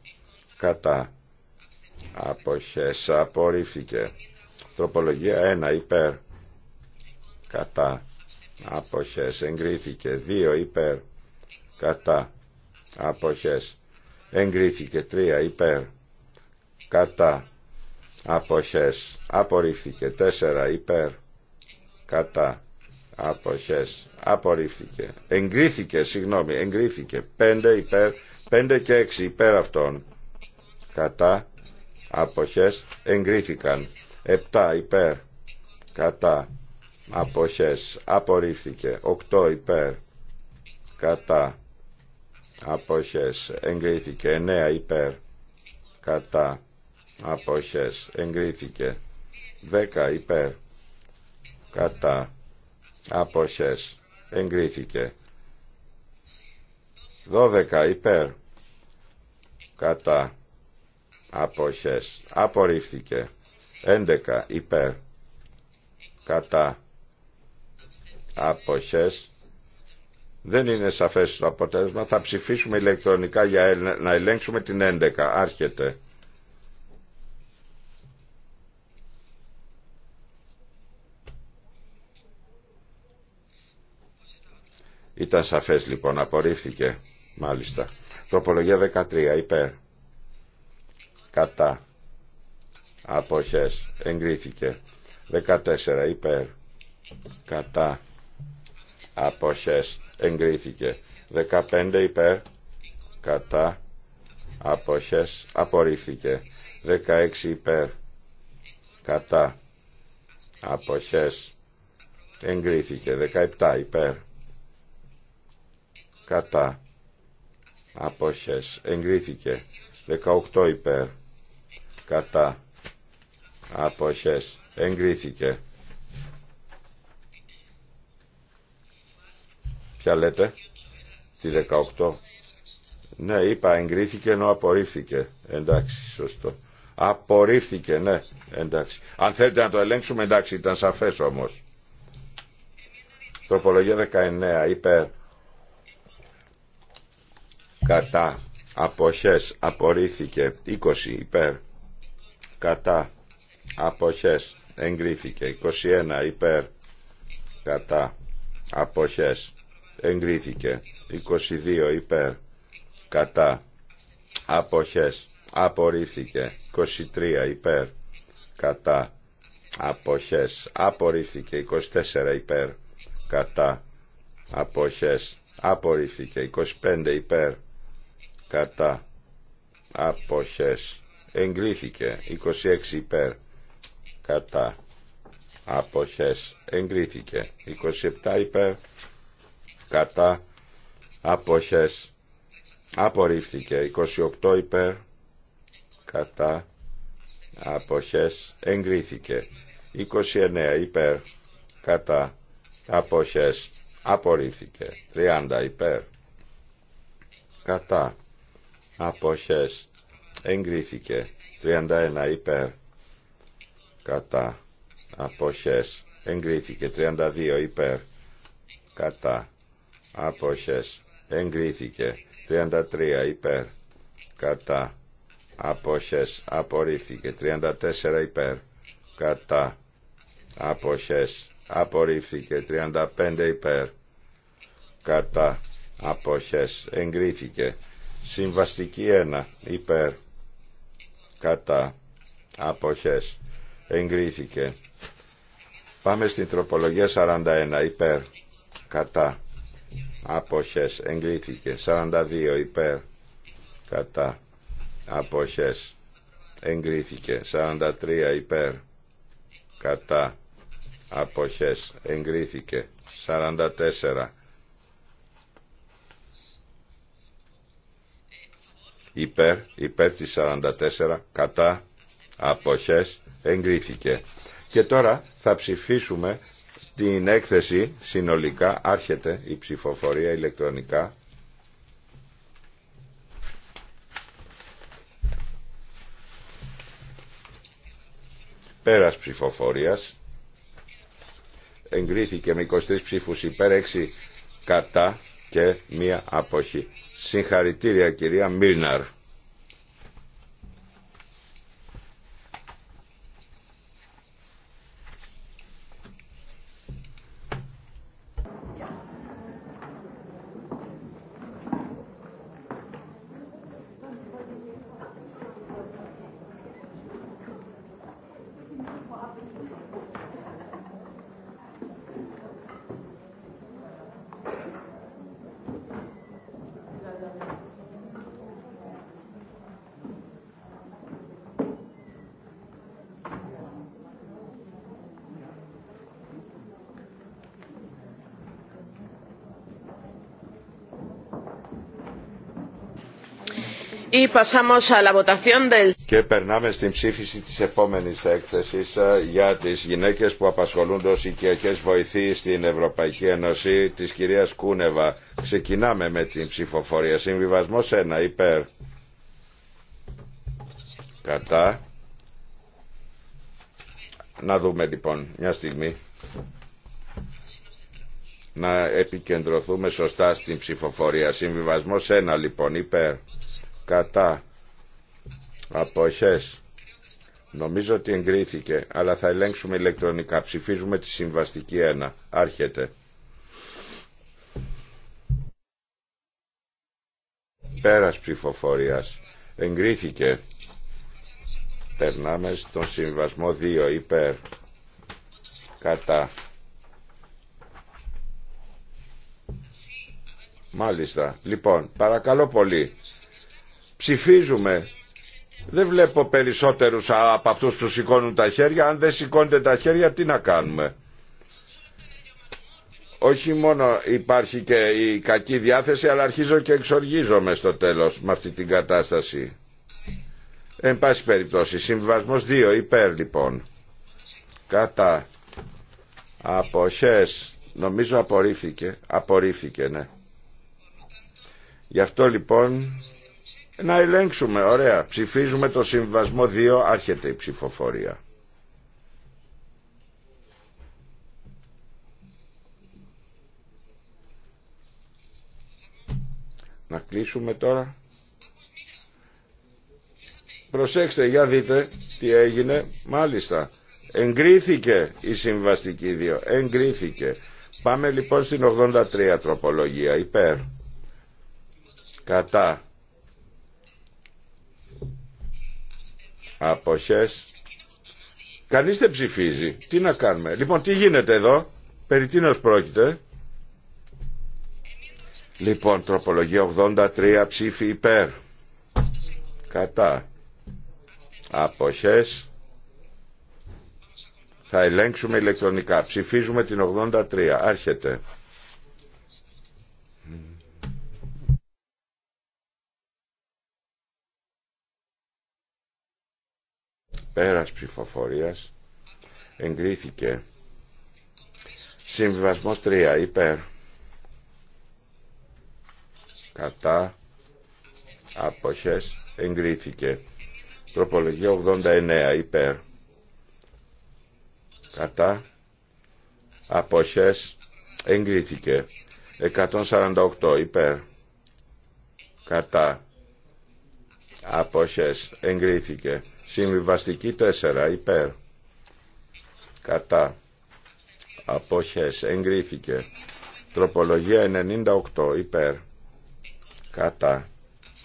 κατά αποχές απορρίφθηκε τροπολογία 1 υπέρ κατά αποχές εγκρίθηκε 2 υπέρ κατά αποχές εγκρίθηκε 3 υπέρ κατά αποχές απορρίφθηκε 4 υπέρ κατά αποχές απορρίφθηκε εγκρίθηκε συγγνώμη εγκρίθηκε 5 υπέρ 5 και 6 υπέρ αυτών κατά αποχές εγκρίθηκαν 7 υπέρ κατά αποχές απορρίφθηκε 8 υπέρ κατά αποχές εγκρίθηκε 9 υπέρ κατά αποχές εγκρίθηκε 10 υπέρ κατά αποχές εγκρίθηκε 12 υπέρ κατά αποχές απορρίφθηκε 11 υπέρ κατά αποχές δεν είναι σαφές το αποτέλεσμα θα ψηφίσουμε ηλεκτρονικά για να ελέγξουμε την 11 άρχεται Ήταν σαφές λοιπόν, απορρίφθηκε μάλιστα. Τροπολογία 13, υπέρ. Κατά. Αποχές, εγκρίθηκε. 14, υπέρ. Κατά αποχές εγκρίθηκε 15 υπέρ κατά αποχές απορρίφθηκε 16 υπέρ κατά αποχές εγκρίθηκε 17 υπέρ κατά αποχές εγκρίθηκε 18 υπέρ κατά αποχές εγκρίθηκε Ποια λέτε, τη 18. Ναι, είπα εγκρίθηκε ενώ απορρίφθηκε. Εντάξει, σωστό. Απορρίφθηκε, ναι, εντάξει. Αν θέλετε να το ελέγξουμε, εντάξει, ήταν σαφές όμως. Τροπολογία 19, υπέρ. Κατά. Αποχές, απορρίφθηκε. 20, υπέρ. Κατά. Αποχές, εγκρίθηκε. 21, υπέρ. Κατά. Αποχές, εγκρίθηκε 22 υπέρ κατά αποχές απορρίφθηκε 23 υπέρ κατά αποχές απορρίφθηκε 24 υπέρ κατά αποχές απορρίφθηκε 25 υπέρ κατά αποχές εγκρίθηκε 26 υπέρ κατά αποχές εγκρίθηκε 27 υπέρ κατά αποχές απορρίφθηκε 28 υπέρ κατά αποχές εγκρίθηκε 29 υπέρ κατά αποχές απορρίφθηκε 30 υπέρ κατά αποχές εγκρίθηκε 31 υπέρ κατά αποχές εγκρίθηκε 32 υπέρ κατά αποχές εγκρίθηκε 33 υπέρ κατά αποχές απορρίφθηκε 34 υπέρ κατά αποχές απορρίφθηκε 35 υπέρ κατά αποχές εγκρίθηκε συμβαστική 1 υπέρ κατά αποχές εγκρίθηκε πάμε στην τροπολογία 41 υπέρ κατά αποχές εγκρίθηκε 42 υπέρ κατά αποχές εγκρίθηκε 43 υπέρ κατά αποχές εγκρίθηκε 44 υπέρ υπέρ της 44 κατά αποχές εγκρίθηκε και τώρα θα ψηφίσουμε στην έκθεση συνολικά άρχεται η ψηφοφορία ηλεκτρονικά. Πέρας ψηφοφορίας εγκρίθηκε με 23 ψήφους υπέρ 6 κατά και μία αποχή. Συγχαρητήρια κυρία Μίρναρ. Και περνάμε στην ψήφιση της επόμενης έκθεσης ε, για τις γυναίκες που απασχολούνται το οικιακές βοηθοί στην Ευρωπαϊκή Ένωση της κυρίας Κούνεβα. Ξεκινάμε με την ψηφοφορία. Συμβιβασμός 1 υπέρ. Κατά. Να δούμε λοιπόν μια στιγμή να επικεντρωθούμε σωστά στην ψηφοφορία. Συμβιβασμός 1 λοιπόν υπέρ κατά αποχές νομίζω ότι εγκρίθηκε αλλά θα ελέγξουμε ηλεκτρονικά ψηφίζουμε τη συμβαστική 1 άρχεται πέρας ψηφοφορίας εγκρίθηκε περνάμε στον συμβασμό 2 υπέρ κατά Μάλιστα. Λοιπόν, παρακαλώ πολύ. Ψηφίζουμε. Δεν βλέπω περισσότερους από αυτούς που σηκώνουν τα χέρια. Αν δεν σηκώνετε τα χέρια τι να κάνουμε. Όχι μόνο υπάρχει και η κακή διάθεση αλλά αρχίζω και εξοργίζομαι στο τέλος με αυτή την κατάσταση. Εν πάση περιπτώσει, συμβιβασμός 2 υπέρ λοιπόν. Κατά αποχές, νομίζω απορρίφθηκε, απορρίφθηκε ναι. Γι' αυτό λοιπόν να ελέγξουμε, ωραία. Ψηφίζουμε το συμβασμό 2, άρχεται η ψηφοφορία. Να κλείσουμε τώρα. Προσέξτε, για δείτε τι έγινε. Μάλιστα, εγκρίθηκε η συμβαστική 2. Εγκρίθηκε. Πάμε λοιπόν στην 83 τροπολογία. Υπέρ. Κατά αποχές. Κανείς δεν ψηφίζει. Τι να κάνουμε. Λοιπόν, τι γίνεται εδώ. Περί τίνος πρόκειται. Λοιπόν, τροπολογία 83 ψήφι υπέρ. Κατά. Αποχές. Θα ελέγξουμε ηλεκτρονικά. Ψηφίζουμε την 83. Άρχεται. πέρας ψηφοφορίας εγκρίθηκε συμβιβασμός 3 υπέρ κατά αποχές εγκρίθηκε τροπολογία 89 υπέρ κατά αποχές εγκρίθηκε 148 υπέρ κατά αποχές εγκρίθηκε Συμβιβαστική 4 υπέρ. Κατά. Αποχές. Εγκρίθηκε. Τροπολογία 98 υπέρ. Κατά.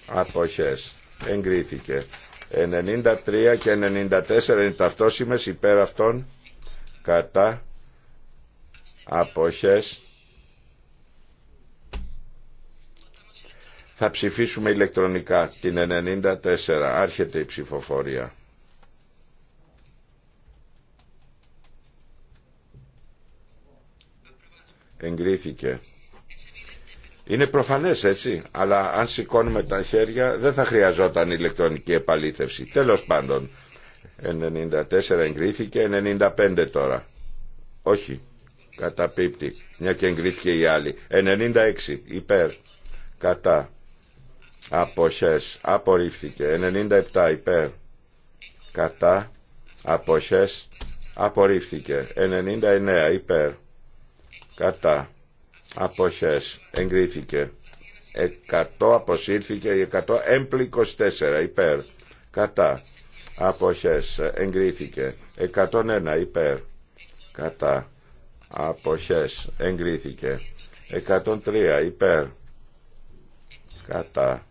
Αποχές. Εγκρίθηκε. 93 και 94 είναι ταυτόσιμες υπέρ αυτών. Κατά. Αποχές. Θα ψηφίσουμε ηλεκτρονικά την 94. Άρχεται η ψηφοφορία. εγκρίθηκε. Είναι προφανές έτσι, αλλά αν σηκώνουμε τα χέρια δεν θα χρειαζόταν ηλεκτρονική επαλήθευση. Τέλος πάντων, 94 εγκρίθηκε, 95 τώρα. Όχι, καταπίπτει, μια και εγκρίθηκε η άλλη. 96 υπέρ, κατά, αποχές, απορρίφθηκε. 97 υπέρ, κατά, αποχές, απορρίφθηκε. 99 υπέρ, κατά αποχές εγκρίθηκε 100 αποσύρθηκε 100 24 υπέρ κατά αποχές εγκρίθηκε 101 υπέρ κατά αποχές εγκρίθηκε 103 υπέρ κατά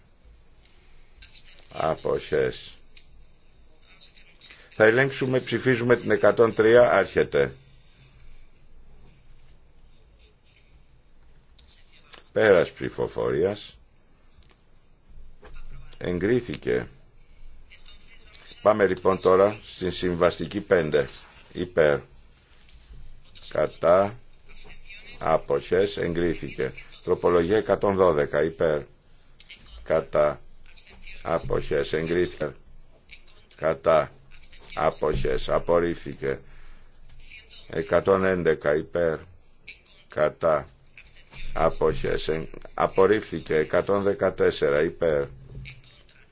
αποχές θα ελέγξουμε ψηφίζουμε την 103 άρχεται Πέρας ψηφοφορία. Εγκρίθηκε. Πάμε λοιπόν τώρα στην συμβαστική 5. Υπέρ. Κατά. Αποχές. Εγκρίθηκε. Τροπολογία 112. Υπέρ. Κατά. Αποχές. Εγκρίθηκε. Κατά. Αποχές. Απορρίφθηκε. 111. Υπέρ. Κατά αποχές απορρίφθηκε 114 υπέρ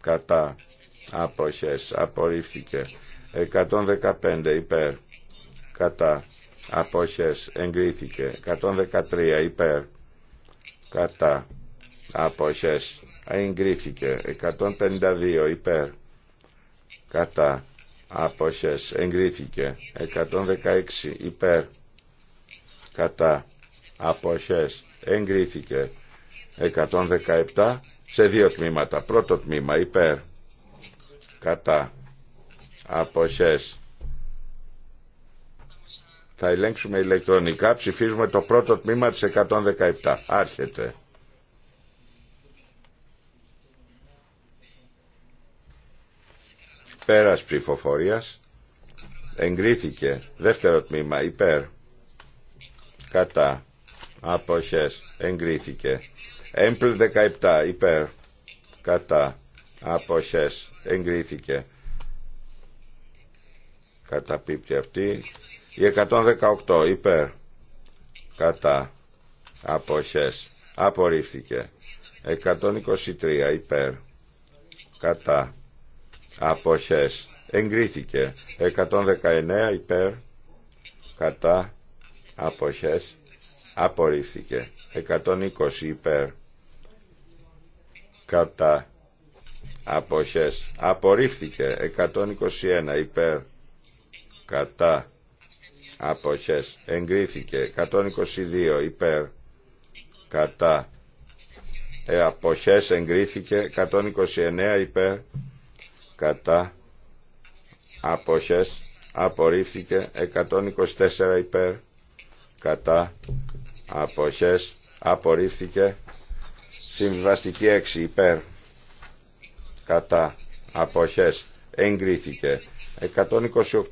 κατά αποχές απορρίφθηκε 115 υπέρ κατά αποχές εγκρίθηκε 113 υπέρ κατά αποχές εγκρίθηκε 152 υπέρ κατά αποχές εγκρίθηκε 116 υπέρ κατά αποχές εγκρίθηκε 117 σε δύο τμήματα. Πρώτο τμήμα υπέρ κατά αποχές. Θα ελέγξουμε ηλεκτρονικά, ψηφίζουμε το πρώτο τμήμα της 117. Άρχεται. Πέρας ψηφοφορίας. Εγκρίθηκε. Δεύτερο τμήμα υπέρ. Κατά αποχές εγκρίθηκε έμπλ 17 υπέρ κατά αποχές εγκρίθηκε καταπίπτει αυτή η 118 υπέρ κατά αποχές απορρίφθηκε 123 υπέρ κατά αποχές εγκρίθηκε 119 υπέρ κατά αποχές απορρίφθηκε 120 υπέρ κατά αποχές απορρίφθηκε 121 υπέρ κατά αποχές εγκρίθηκε 122 υπέρ κατά ε, αποχές εγκρίθηκε 129 υπέρ κατά αποχές απορρίφθηκε 124 υπέρ κατά αποχές απορρίφθηκε Συμβαστική 6 υπέρ κατά αποχές εγκρίθηκε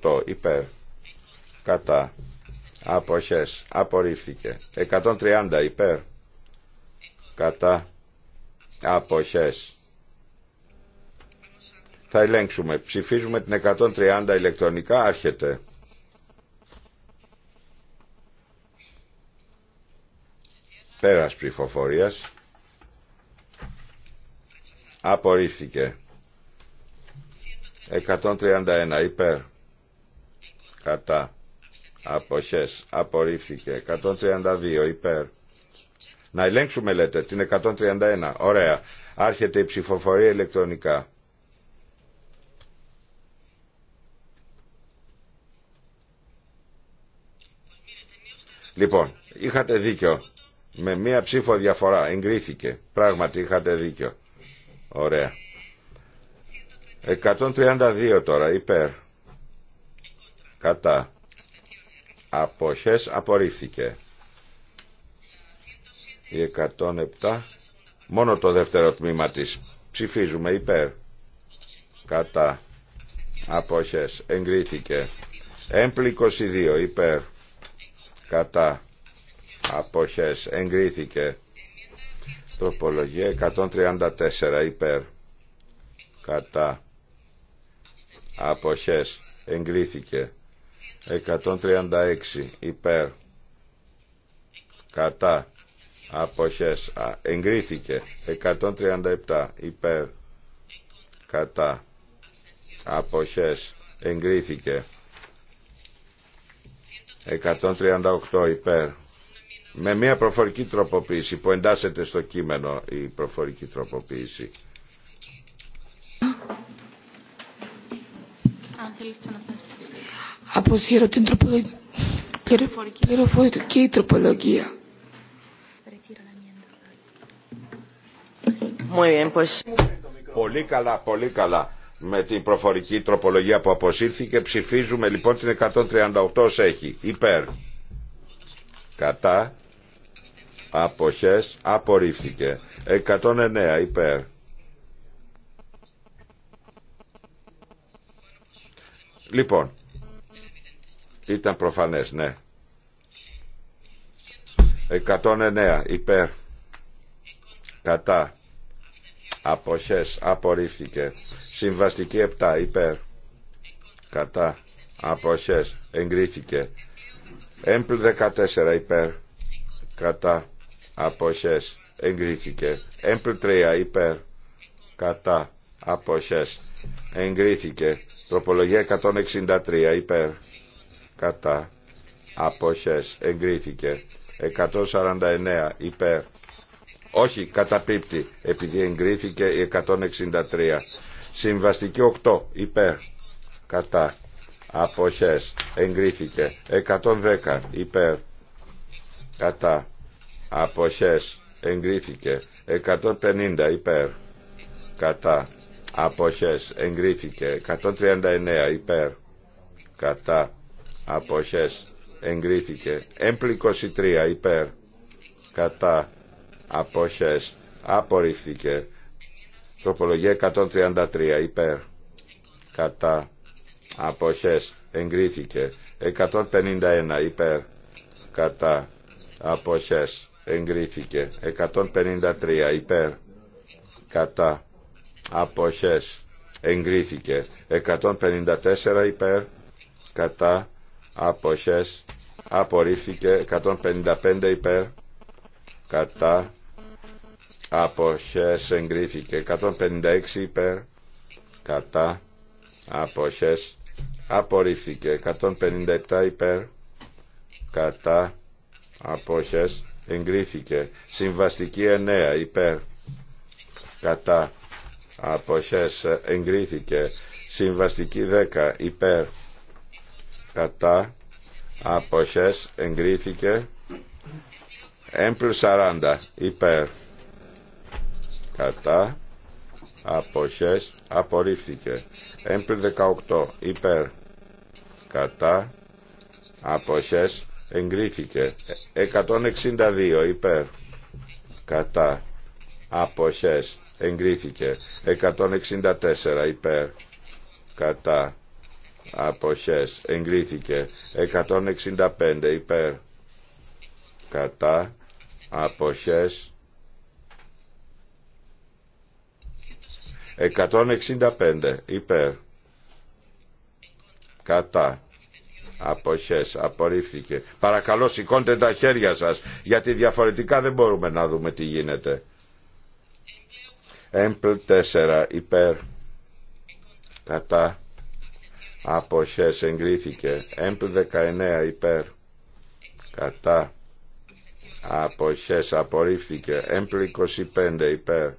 128 υπέρ κατά αποχές απορρίφθηκε 130 υπέρ κατά αποχές θα ελέγξουμε ψηφίζουμε την 130 ηλεκτρονικά άρχεται Πέρας ψηφοφορίας. Απορρίφθηκε. 131 υπέρ. Κατά. Αποχές. Απορρίφθηκε. 132 υπέρ. Να ελέγξουμε λέτε την 131. Ωραία. Άρχεται η ψηφοφορία ηλεκτρονικά. Λοιπόν, είχατε δίκιο. Με μία ψήφο διαφορά εγκρίθηκε. Πράγματι είχατε δίκιο. Ωραία. 132 τώρα υπέρ. Κατά. Αποχές απορρίφθηκε. Η 107. Μόνο το δεύτερο τμήμα της. Ψηφίζουμε υπέρ. Κατά. Αποχές. Εγκρίθηκε. Έμπλη 22 υπέρ. Κατά αποχές εγκρίθηκε τροπολογία 134 υπέρ κατά αποχές εγκρίθηκε 136 υπέρ κατά αποχές εγκρίθηκε 137 υπέρ κατά αποχές εγκρίθηκε 138 υπέρ με μια προφορική τροποποίηση που εντάσσεται στο κείμενο η προφορική τροποποίηση. Αποσύρω την τροπολογία. Πληροφορική τροπολογία. Πολύ καλά, πολύ καλά. Με την προφορική τροπολογία που αποσύρθηκε ψηφίζουμε λοιπόν την 138 ως έχει. Υπέρ. Κατά αποχές απορρίφθηκε 109 υπέρ λοιπόν ήταν προφανές ναι 109 υπέρ κατά αποχές απορρίφθηκε συμβαστική 7 υπέρ κατά αποχές εγκρίθηκε έμπλ 14 υπέρ κατά αποχές εγκρίθηκε Έμπλουτρια υπέρ κατά αποχές εγκρίθηκε τροπολογία 163 υπέρ κατά αποχές εγκρίθηκε 149 υπέρ όχι καταπίπτει επειδή εγκρίθηκε η 163 συμβαστική 8 υπέρ κατά αποχές εγκρίθηκε 110 υπέρ κατά αποχές εγκρίθηκε 150 υπέρ κατά αποχές εγκρίθηκε 139 υπέρ κατά αποχές εγκρίθηκε έμπλη 23 υπέρ κατά αποχές απορρίφθηκε τροπολογία 133 υπέρ κατά αποχές εγκρίθηκε 151 υπέρ κατά αποχές εγκρίθηκε 153 υπέρ κατά αποχές εγκρίθηκε 154 υπέρ κατά αποχές απορρίφθηκε 155 υπέρ κατά αποχές εγκρίθηκε 156 υπέρ κατά αποχές απορρίφθηκε 157 υπέρ κατά αποχές εγκρίθηκε. Συμβαστική 9 υπέρ κατά αποχές εγκρίθηκε. Συμβαστική 10 υπέρ κατά αποχές εγκρίθηκε. Έμπλου 40 υπέρ κατά αποχές απορρίφθηκε. Έμπλου 18 υπέρ κατά αποχές εγκρίθηκε 162 υπέρ κατά αποχές εγκρίθηκε 164 υπέρ κατά αποχές εγκρίθηκε 165 υπέρ κατά αποχές 165 υπέρ κατά αποχές απορρίφθηκε παρακαλώ σηκώντε τα χέρια σας γιατί διαφορετικά δεν μπορούμε να δούμε τι γίνεται έμπλ 4 υπέρ κατά αποχές εγκρίθηκε έμπλ 19 υπέρ κατά αποχές απορρίφθηκε έμπλ 25 υπέρ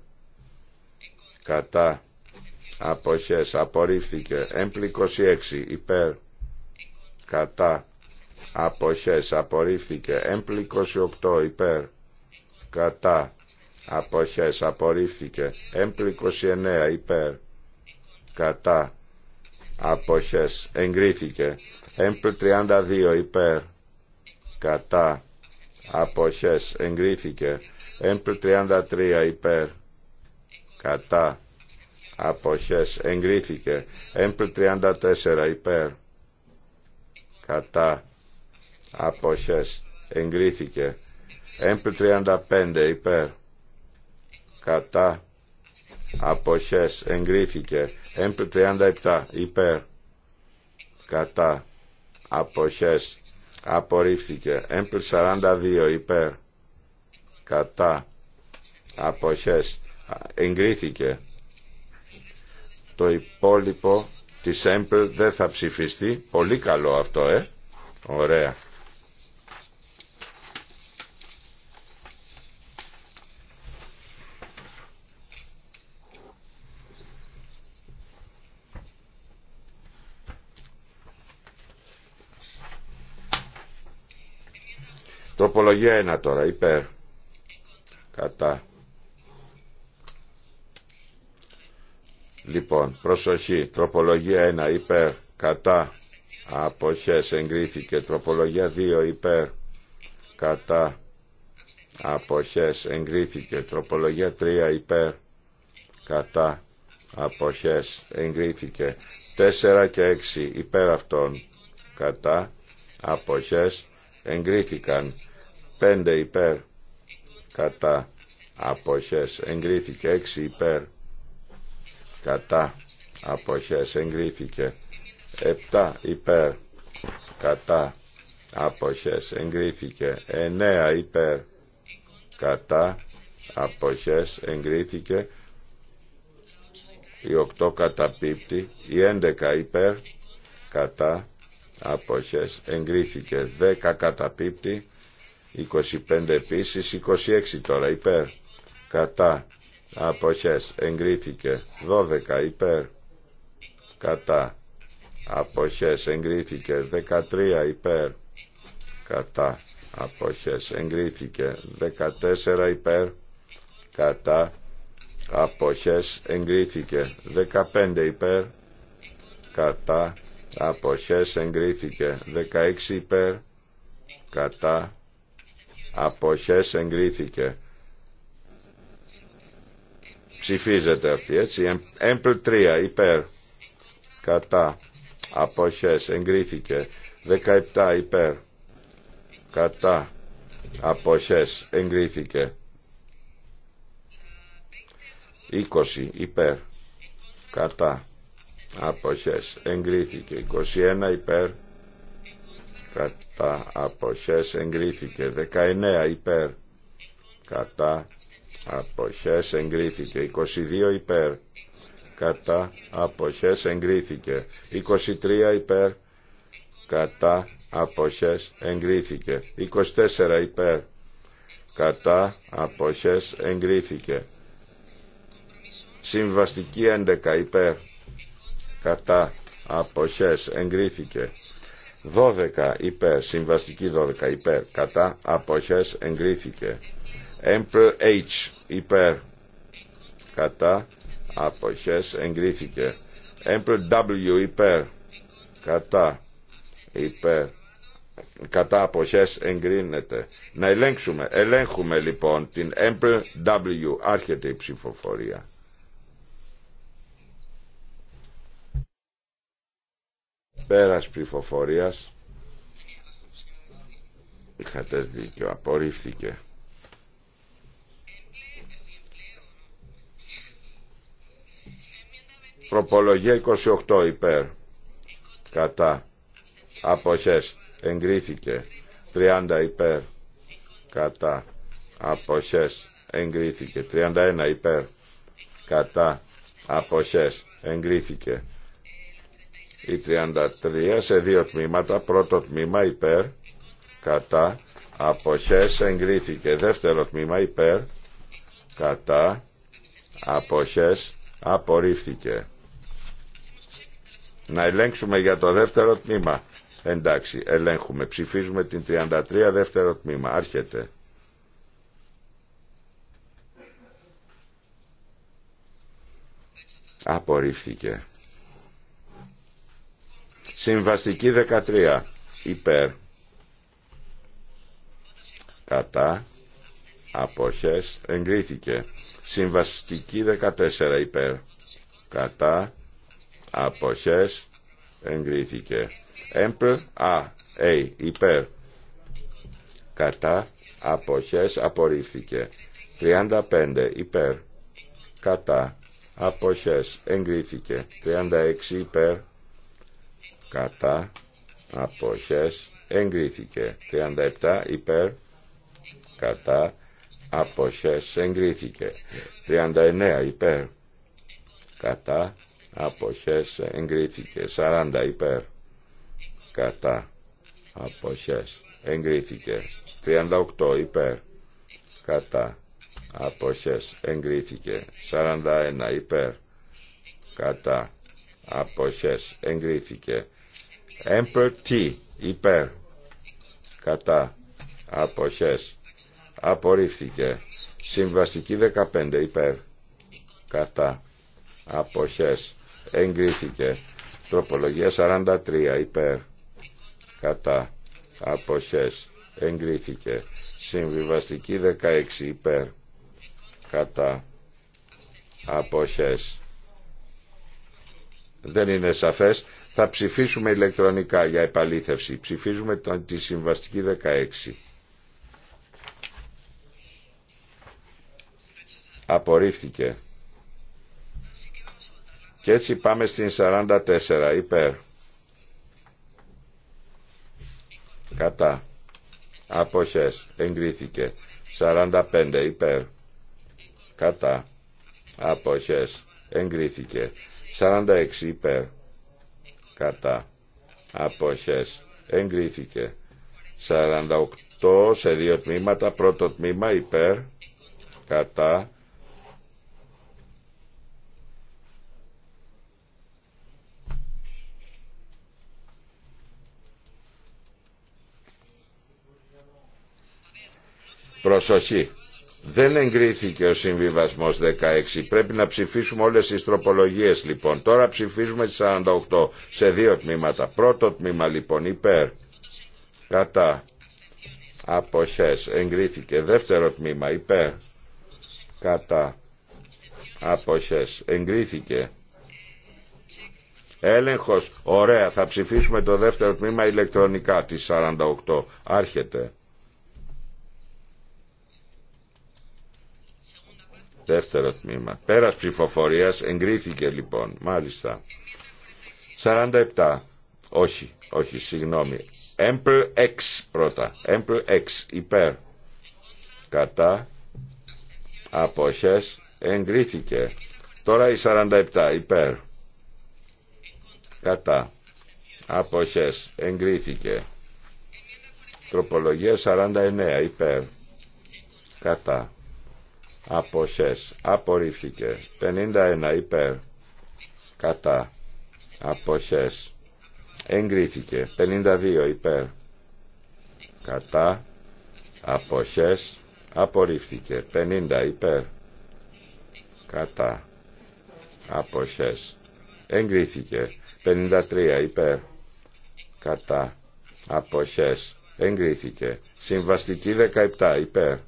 κατά αποχές απορρίφθηκε έμπλ 26 υπέρ κατά αποχές απορρίφθηκε έμπλη 28 υπέρ κατά αποχές απορρίφθηκε έμπλη 29 υπέρ κατά αποχές εγκρίθηκε έμπλη 32 υπέρ κατά αποχές εγκρίθηκε έμπλη 33 υπέρ κατά αποχές εγκρίθηκε έμπλη 34 υπέρ κατά αποχές εγκρίθηκε MP35 υπέρ κατά αποχές εγκρίθηκε MP37 υπέρ κατά αποχές απορρίφθηκε MP42 υπέρ κατά αποχές εγκρίθηκε το υπόλοιπο Τη Σέμπλ δεν θα ψηφιστεί. Πολύ καλό αυτό, ε. Ωραία. Τροπολογία 1 τώρα, υπέρ. Κατά. Λοιπόν, προσοχή. Τροπολογία 1 υπέρ κατά αποχές εγκρίθηκε. Τροπολογία 2 υπέρ κατά αποχές εγκρίθηκε. Τροπολογία 3 υπέρ κατά αποχές εγκρίθηκε. 4 και 6 υπέρ αυτών κατά αποχές εγκρίθηκαν. 5 υπέρ κατά αποχές εγκρίθηκε. 6 υπέρ κατά αποχές εγκρίθηκε 7 υπέρ κατά αποχές εγκρίθηκε 9 υπέρ κατά αποχές εγκρίθηκε η 8 καταπίπτει η 11 υπέρ κατά αποχές εγκρίθηκε 10 καταπίπτει 25 επίσης 26 τώρα υπέρ κατά αποχές εγκρίθηκε 12 υπέρ κατά αποχές εγκρίθηκε 13 υπέρ κατά αποχές εγκρίθηκε 14 υπέρ κατά αποχές εγκρίθηκε 15 υπέρ κατά αποχές εγκρίθηκε 16 υπέρ κατά αποχές εγκρίθηκε Ψηφίζεται αυτή έτσι. Έμπλ 3 υπέρ. Κατά. Αποχές. Εγκρίθηκε. 17 υπέρ. Κατά. Αποχές. Εγκρίθηκε. 20 υπέρ. Κατά. Αποχές. Εγκρίθηκε. 21 υπέρ. Κατά. Αποχές. Εγκρίθηκε. 19 υπέρ. Κατά αποχές εγκρίθηκε 22 υπέρ κατά αποχές εγκρίθηκε 23 υπέρ κατά αποχές εγκρίθηκε 24 υπέρ κατά αποχές εγκρίθηκε συμβαστική 11 υπέρ κατά αποχές εγκρίθηκε 12 υπέρ συμβαστική 12 υπέρ κατά αποχές εγκρίθηκε H υπέρ κατά αποχές εγκρίθηκε W υπέρ κατά υπέρ κατά αποχές εγκρίνεται να ελέγξουμε ελέγχουμε λοιπόν την W άρχεται η ψηφοφορία πέρας ψηφοφορίας είχατε δίκιο απορρίφθηκε Προπολογία 28 υπέρ. Κατά. Αποχές. Εγκρίθηκε. 30 υπέρ. Κατά. Αποχές. Εγκρίθηκε. 31 υπέρ. Κατά. Αποχές. Εγκρίθηκε. Η 33 σε δύο τμήματα. Πρώτο τμήμα υπέρ. Κατά. Αποχές. Εγκρίθηκε. Δεύτερο τμήμα υπέρ. Κατά. Αποχές. Απορρίφθηκε. Να ελέγξουμε για το δεύτερο τμήμα. Εντάξει, ελέγχουμε. Ψηφίζουμε την 33 δεύτερο τμήμα. Άρχεται. Απορρίφθηκε. Συμβαστική 13. Υπέρ. Κατά. Αποχές. Εγκρίθηκε. Συμβαστική 14. Υπέρ. Κατά αποχές εγκρίθηκε έμπλ α ε, υπέρ κατά αποχές απορρίφθηκε 35 υπέρ κατά αποχές εγκρίθηκε 36 υπέρ κατά αποχές εγκρίθηκε 37 υπέρ κατά αποχές εγκρίθηκε 39 υπέρ κατά αποχές εγκρίθηκε 40 υπέρ κατά αποχές εγκρίθηκε 38 υπέρ κατά αποχές εγκρίθηκε 41 υπέρ κατά αποχές εγκρίθηκε Emperor T υπέρ κατά αποχές απορρίφθηκε συμβαστική 15 υπέρ κατά αποχές εγκρίθηκε. Τροπολογία 43 υπέρ κατά αποχές εγκρίθηκε. Συμβιβαστική 16 υπέρ κατά αποχές. Δεν είναι σαφές. Θα ψηφίσουμε ηλεκτρονικά για επαλήθευση. Ψηφίζουμε τη συμβαστική 16. Απορρίφθηκε. Και έτσι πάμε στην 44 υπέρ. Κατά. Αποχές. Εγκρίθηκε. 45 υπέρ. Κατά. Αποχές. Εγκρίθηκε. 46 υπέρ. Κατά. Αποχές. Εγκρίθηκε. 48 σε δύο τμήματα. Πρώτο τμήμα υπέρ. Κατά. Προσοχή. Δεν εγκρίθηκε ο συμβιβασμός 16. Πρέπει να ψηφίσουμε όλες τις τροπολογίες λοιπόν. Τώρα ψηφίζουμε τις 48 σε δύο τμήματα. Πρώτο τμήμα λοιπόν υπέρ. Κατά. Αποχές. Εγκρίθηκε. Δεύτερο τμήμα υπέρ. Κατά. Αποχές. Εγκρίθηκε. Έλεγχος. Ωραία. Θα ψηφίσουμε το δεύτερο τμήμα ηλεκτρονικά τις 48. Άρχεται. Δεύτερο τμήμα. Πέρας ψηφοφορίας εγκρίθηκε λοιπόν. Μάλιστα. 47. Όχι, όχι, συγγνώμη. Έμπλ 6 πρώτα. Έμπλ 6 υπέρ. Κατά. Αποχές. Εγκρίθηκε. Τώρα η 47 υπέρ. Κατά. Αποχές. Εγκρίθηκε. Τροπολογία 49 υπέρ. Κατά αποχές απορρίφθηκε 51 υπέρ κατά αποχές εγκρίθηκε 52 υπέρ κατά αποχές απορρίφθηκε 50 υπέρ κατά αποχές εγκρίθηκε 53 υπέρ κατά αποχές εγκρίθηκε συμβαστική 17 υπέρ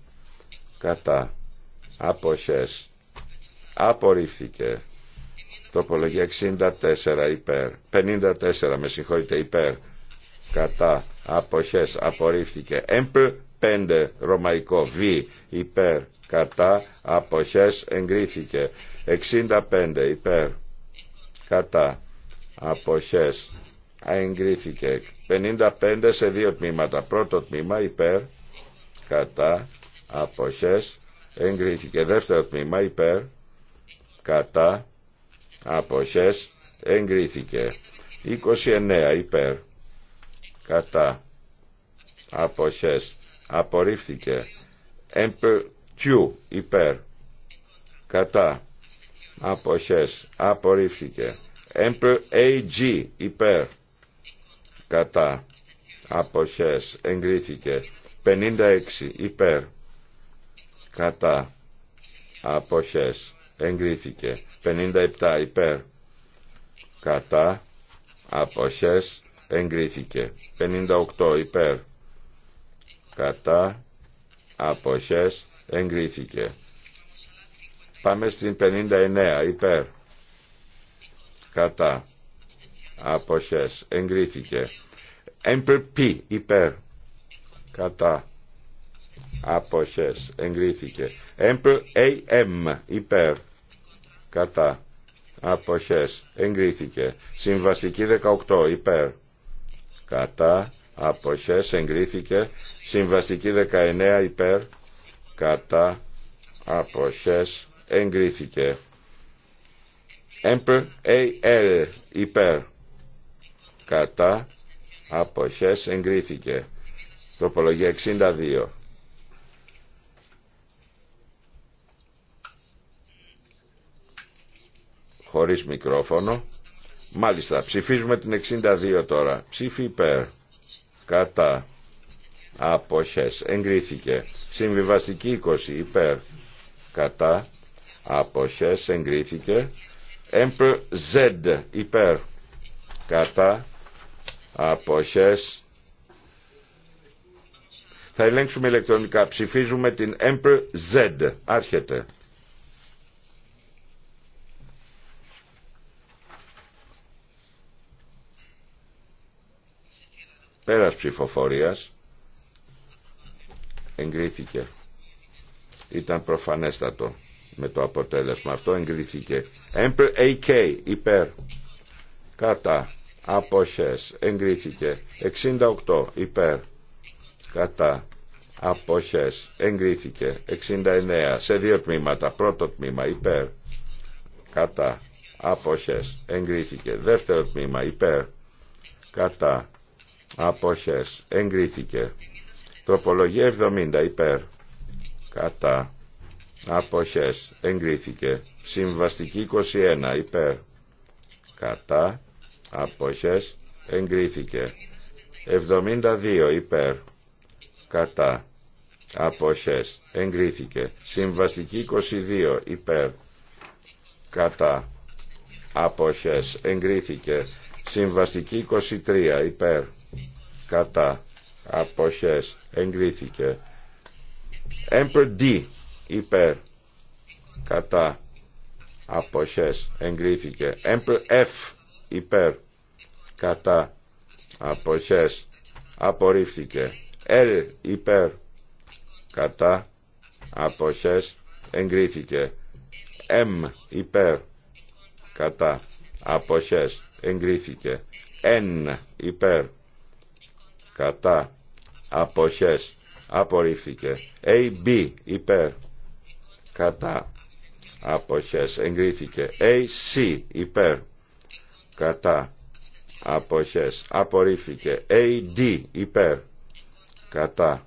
κατά αποχές απορρίφθηκε Τοπολογία 64 υπέρ 54 με συγχωρείτε υπέρ κατά αποχές απορρίφθηκε έμπλ 5 ρωμαϊκό β υπέρ κατά αποχές εγκρίθηκε 65 υπέρ κατά αποχές εγκρίθηκε 55 σε δύο τμήματα πρώτο τμήμα υπέρ κατά αποχές εγκρίθηκε δεύτερο τμήμα υπέρ κατά αποχές εγκρίθηκε 29 υπέρ κατά αποχές απορρίφθηκε Q υπέρ κατά αποχές απορρίφθηκε AG υπέρ κατά αποχές εγκρίθηκε 56 υπέρ κατά αποχές εγκρίθηκε 57 υπέρ κατά αποχές εγκρίθηκε 58 υπέρ κατά αποχές εγκρίθηκε πάμε στην 59 υπέρ κατά αποχές εγκρίθηκε έμπερ υπέρ κατά αποχές εγκρίθηκε έμπλ AM υπέρ κατά αποχές εγκρίθηκε συμβαστική 18 υπέρ κατά αποχές εγκρίθηκε συμβαστική 19 υπέρ κατά αποχές εγκρίθηκε έμπλ AL υπέρ κατά αποχές εγκρίθηκε τροπολογία 62 χωρίς μικρόφωνο. Μάλιστα, ψηφίζουμε την 62 τώρα. Ψήφι υπέρ. Κατά. Αποχές. Εγκρίθηκε. Συμβιβαστική 20 υπέρ. Κατά. Αποχές. Εγκρίθηκε. Έμπρ Z υπέρ. Κατά. Αποχές. Θα ελέγξουμε ηλεκτρονικά. Ψηφίζουμε την Emperor Z. Άρχεται. Πέρας ψηφοφορίας εγκρίθηκε. Ήταν προφανέστατο με το αποτέλεσμα αυτό εγκρίθηκε. ΕΚ AK υπέρ κατά αποχές εγκρίθηκε. 68 υπέρ κατά αποχές εγκρίθηκε. 69 σε δύο τμήματα. Πρώτο τμήμα υπέρ κατά αποχές εγκρίθηκε. Δεύτερο τμήμα υπέρ κατά αποχές εγκρίθηκε τροπολογία 70 υπέρ κατά αποχές εγκρίθηκε συμβαστική 21 υπέρ κατά αποχές εγκρίθηκε 72 υπέρ κατά αποχές εγκρίθηκε συμβαστική 22 υπέρ κατά αποχές εγκρίθηκε συμβαστική 23 υπέρ κατά αποχές εγκρίθηκε Emperor D υπέρ κατά αποχές εγκρίθηκε Emperor F υπέρ κατά αποχές απορρίφθηκε L υπέρ κατά αποχές εγκρίθηκε M υπέρ κατά αποχές εγκρίθηκε N υπέρ κατά αποχές απορρίφθηκε AB υπέρ κατά αποχές εγκρίθηκε AC υπέρ κατά αποχές απορρίφθηκε AD υπέρ κατά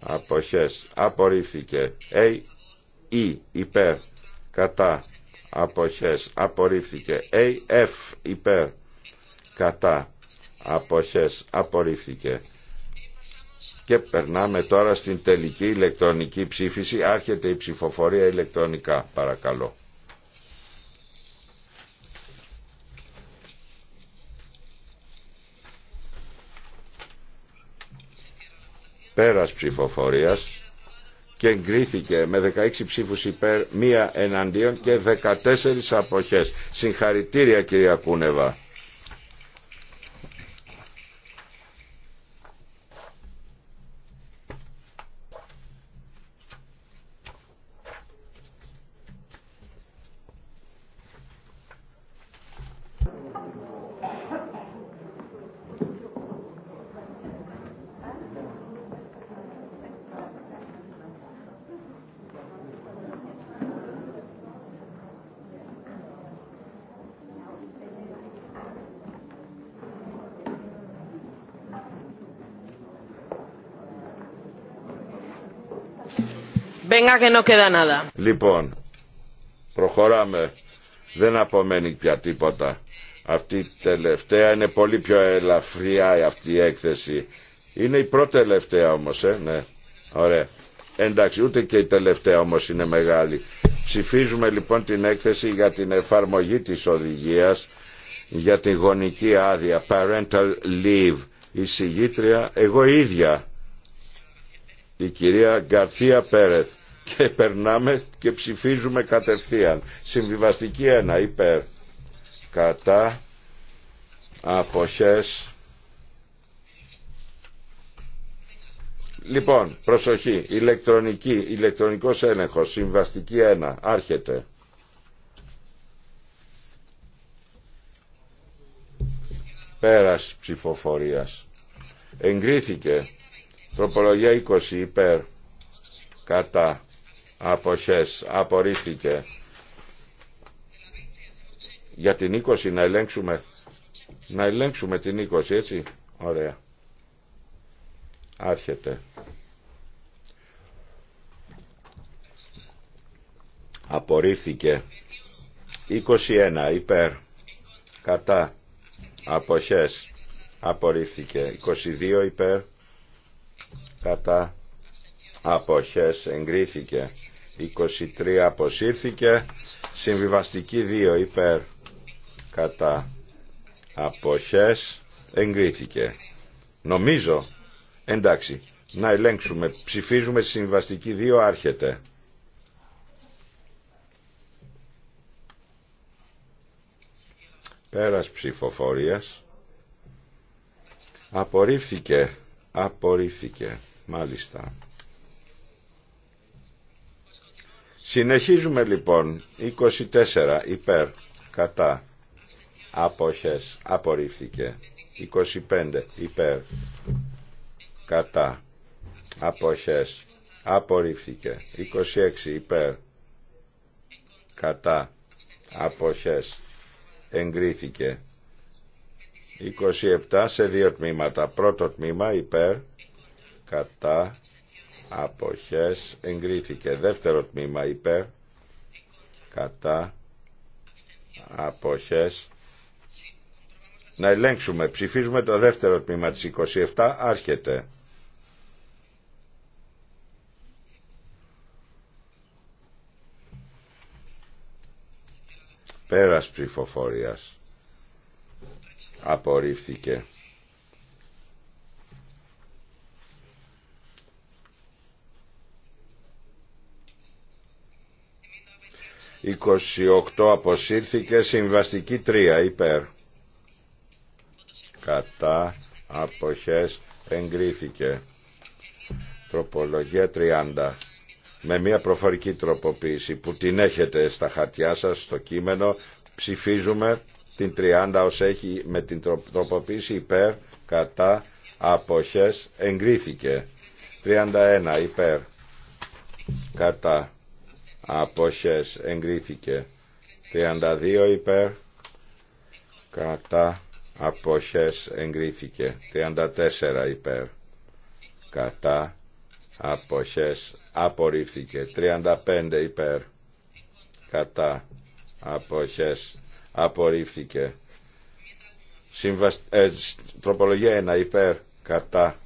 αποχές απορρίφθηκε AE υπέρ κατά αποχές απορρίφθηκε AF υπέρ κατά αποχές απορρίφθηκε. Και περνάμε τώρα στην τελική ηλεκτρονική ψήφιση. Άρχεται η ψηφοφορία ηλεκτρονικά, παρακαλώ. Πέρας ψηφοφορίας και εγκρίθηκε με 16 ψήφους υπέρ, μία εναντίον και 14 αποχές. Συγχαρητήρια κυρία Κούνεβα. Λοιπόν, προχωράμε. Δεν απομένει πια τίποτα. Αυτή η τελευταία είναι πολύ πιο ελαφριά αυτή η έκθεση. Είναι η πρώτη τελευταία όμως, ε, ναι. Ωραία. Εντάξει, ούτε και η τελευταία όμως είναι μεγάλη. Ψηφίζουμε λοιπόν την έκθεση για την εφαρμογή της οδηγίας για την γονική άδεια, parental leave, η συγγήτρια, εγώ ίδια, η κυρία Γκαρθία Πέρεθ και περνάμε και ψηφίζουμε κατευθείαν. Συμβιβαστική 1 υπέρ κατά αποχές. Λοιπόν, προσοχή, ηλεκτρονική, ηλεκτρονικός έλεγχος, συμβαστική 1, άρχεται. Πέρας ψηφοφορίας. Εγκρίθηκε. Τροπολογία 20 υπέρ. Κατά αποχές απορρίφθηκε για την 20 να ελέγξουμε να ελέγξουμε την 20 έτσι ωραία άρχεται απορρίφθηκε 21 υπέρ κατά αποχές απορρίφθηκε 22 υπέρ κατά αποχές εγκρίθηκε 23 αποσύρθηκε. Συμβιβαστική 2 υπέρ κατά αποχές εγκρίθηκε. Νομίζω, εντάξει, να ελέγξουμε. Ψηφίζουμε συμβιβαστική 2 άρχεται. Πέρας ψηφοφορίας. Απορρίφθηκε, απορρίφθηκε, μάλιστα. Συνεχίζουμε λοιπόν 24 υπέρ κατά αποχές απορρίφθηκε 25 υπέρ κατά αποχές απορρίφθηκε 26 υπέρ κατά αποχές εγκρίθηκε 27 σε δύο τμήματα πρώτο τμήμα υπέρ κατά αποχές εγκρίθηκε δεύτερο τμήμα υπέρ κατά αποχές να ελέγξουμε ψηφίζουμε το δεύτερο τμήμα της 27 άρχεται πέρας ψηφοφορίας απορρίφθηκε 28 αποσύρθηκε συμβαστική 3 υπέρ κατά αποχές εγκρίθηκε τροπολογία 30 με μια προφορική τροποποίηση που την έχετε στα χαρτιά σας στο κείμενο ψηφίζουμε την 30 ως έχει με την τροποποίηση υπέρ κατά αποχές εγκρίθηκε 31 υπέρ κατά αποχές εγκρίθηκε 32 υπέρ κατά αποχές εγκρίθηκε 34 υπέρ κατά αποχές απορρίφθηκε 35 υπέρ κατά αποχές απορρίφθηκε Ε, τροπολογία 1 υπέρ κατά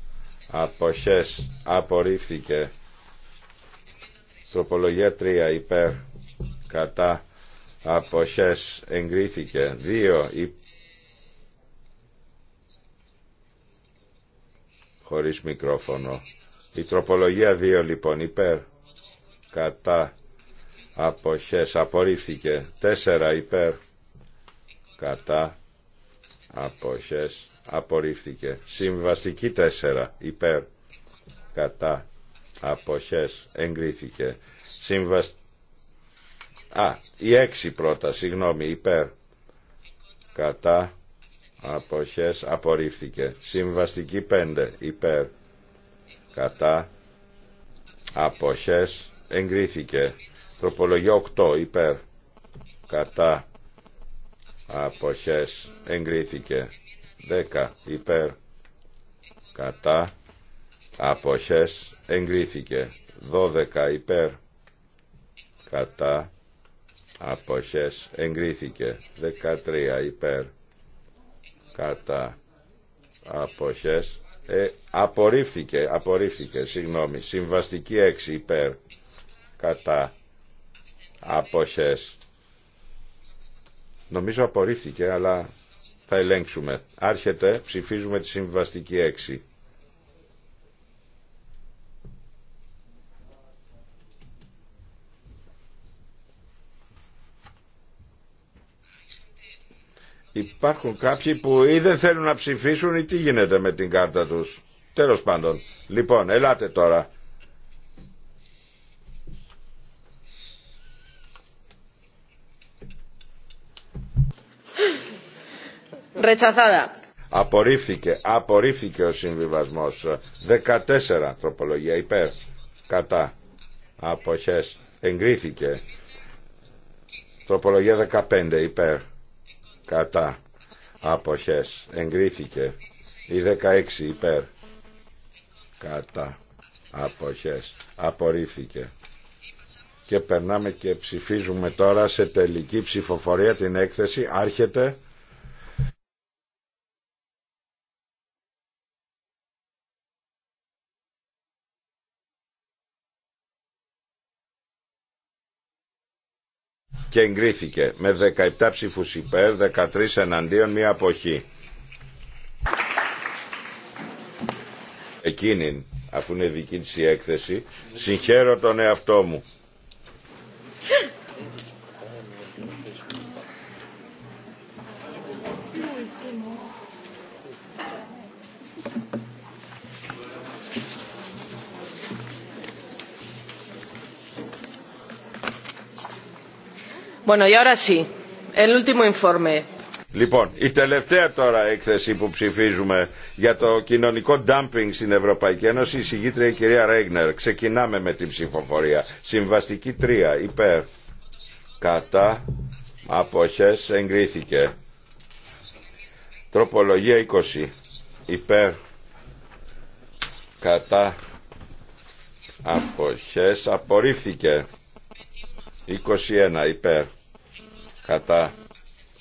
αποχές απορρίφθηκε Τροπολογία 3 υπέρ κατά αποχές εγκρίθηκε. 2 υπέρ χωρίς μικρόφωνο. Η τροπολογία 2 λοιπόν υπέρ κατά αποχές απορρίφθηκε. 4 υπέρ κατά αποχές απορρίφθηκε. Συμβαστική 4 υπέρ κατά αποχές εγκρίθηκε Σύμβασ... Α, η έξι πρώτα, συγγνώμη, υπέρ κατά αποχές απορρίφθηκε. Συμβαστική 5 υπέρ κατά αποχές εγκρίθηκε. Τροπολογία 8 υπέρ κατά αποχές εγκρίθηκε. 10 υπέρ κατά αποχές εγκρίθηκε 12 υπέρ κατά αποχές εγκρίθηκε 13 υπέρ κατά αποχές ε, απορρίφθηκε, απορρίφθηκε, συγγνώμη, συμβαστική 6 υπέρ κατά αποχές. Νομίζω απορρίφθηκε, αλλά θα ελέγξουμε. Άρχεται, ψηφίζουμε τη συμβαστική 6. Υπάρχουν κάποιοι που ή δεν θέλουν να ψηφίσουν ή τι γίνεται με την κάρτα τους. Τέλος πάντων. Λοιπόν, ελάτε τώρα. Ρετσαθάδα. Απορρίφθηκε, απορρίφθηκε ο συμβιβασμός. 14 τροπολογία υπέρ, κατά, αποχές, εγκρίθηκε. Τροπολογία 15 υπέρ, κατά αποχές εγκρίθηκε η 16 υπέρ κατά αποχές απορρίφθηκε και περνάμε και ψηφίζουμε τώρα σε τελική ψηφοφορία την έκθεση άρχεται και εγκρίθηκε με 17 ψήφους υπέρ, 13 εναντίον, μία αποχή. Εκείνη, αφού είναι δική της η έκθεση, συγχαίρω τον εαυτό μου. Λοιπόν, η τελευταία τώρα έκθεση που ψηφίζουμε για το κοινωνικό dumping στην Ευρωπαϊκή Ένωση, η συγγήτρια η κυρία Ρέγνερ. Ξεκινάμε με την ψηφοφορία. Συμβαστική 3, υπέρ, κατά, αποχές, εγκρίθηκε. Τροπολογία 20, υπέρ, κατά, αποχές, απορρίφθηκε. 21, υπέρ κατά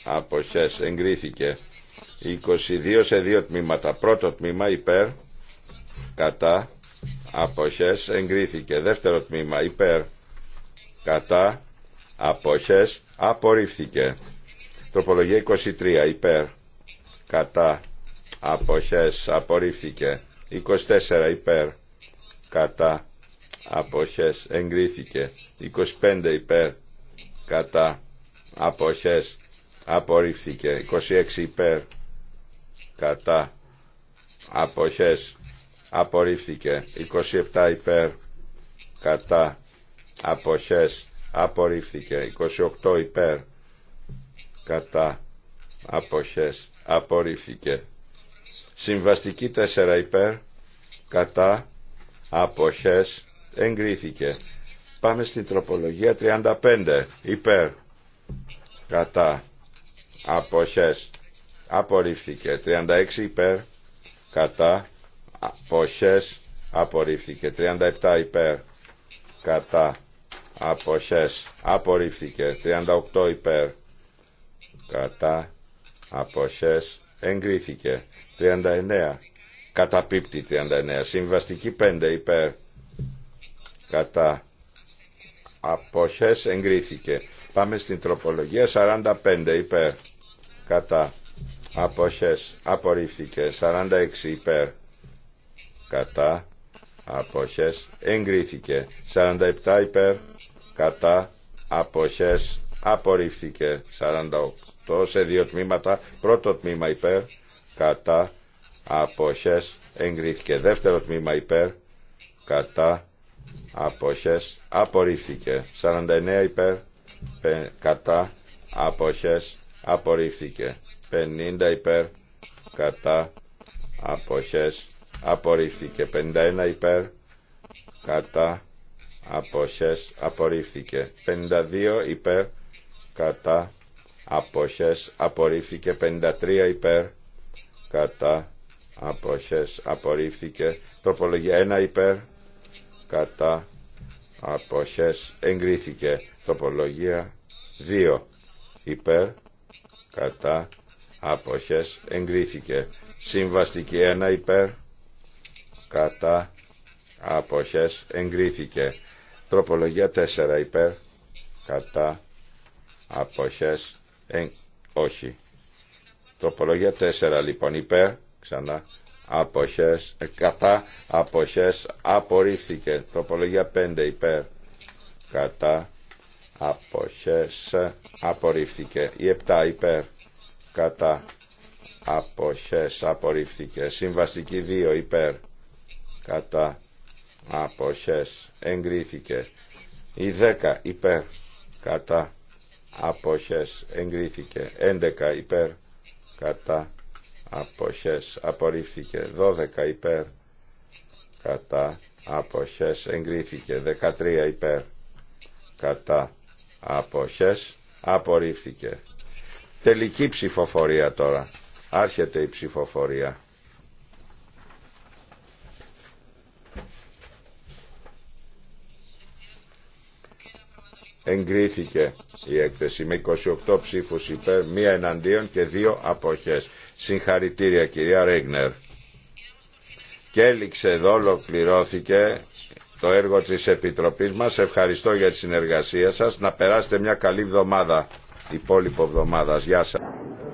αποχές εγκρίθηκε 22 σε δύο τμήματα πρώτο τμήμα υπέρ κατά αποχές εγκρίθηκε δεύτερο τμήμα υπέρ κατά αποχές απορρίφθηκε τροπολογία 23 υπέρ κατά αποχές απορρίφθηκε 24 υπέρ κατά αποχές εγκρίθηκε 25 υπέρ κατά αποχές απορρίφθηκε 26 υπέρ κατά αποχές απορρίφθηκε 27 υπέρ κατά αποχές απορρίφθηκε 28 υπέρ κατά αποχές απορρίφθηκε συμβαστική 4 υπέρ κατά αποχές εγκρίθηκε πάμε στην τροπολογία 35 υπέρ κατά αποχές απορρίφθηκε 36 υπέρ κατά αποχές απορρίφθηκε 37 υπέρ κατά αποχές απορρίφθηκε 38 υπέρ κατά αποχές εγκρίθηκε 39 καταπίπτει 39 συμβαστική 5 υπέρ κατά αποχές εγκρίθηκε. Πάμε στην τροπολογία 45 υπέρ κατά αποχές απορρίφθηκε. 46 υπέρ κατά αποχές εγκρίθηκε. 47 υπέρ κατά αποχές απορρίφθηκε. 48 σε δύο τμήματα. Πρώτο τμήμα υπέρ κατά αποχές εγκρίθηκε. Δεύτερο τμήμα υπέρ κατά αποχές απορρίφθηκε 49 υπέρ κατά αποχές απορρίφθηκε 50 υπέρ κατά αποχές απορρίφθηκε 51 υπέρ κατά αποχές απορρίφθηκε 52 υπέρ κατά αποχές απορρίφθηκε 53 υπέρ κατά αποχές απορρίφθηκε τροπολογία 1 υπέρ κατά αποχές εγκρίθηκε Τοπολογία 2 υπέρ κατά αποχές εγκρίθηκε συμβαστική 1 υπέρ κατά αποχές εγκρίθηκε τροπολογία 4 υπέρ κατά αποχές εγ... όχι τροπολογία 4 λοιπόν υπέρ ξανά αποχές, κατά αποχές απορρίφθηκε. Τροπολογία 5 υπέρ κατά αποχές απορρίφθηκε. Η 7 υπέρ κατά αποχές απορρίφθηκε. Συμβαστική 2 υπέρ κατά αποχές εγκρίθηκε. Η 10 υπέρ κατά αποχές εγκρίθηκε. 11 υπέρ κατά αποχές απορρίφθηκε 12 υπέρ κατά αποχές εγκρίθηκε 13 υπέρ κατά αποχές απορρίφθηκε τελική ψηφοφορία τώρα άρχεται η ψηφοφορία εγκρίθηκε η έκθεση με 28 ψήφους υπέρ, μία εναντίον και δύο αποχές. Συγχαρητήρια κυρία Ρέγνερ. Και έληξε εδώ, ολοκληρώθηκε το έργο της Επιτροπής μας. Ευχαριστώ για τη συνεργασία σας. Να περάσετε μια καλή εβδομάδα, υπόλοιπο εβδομάδα. Γεια σας.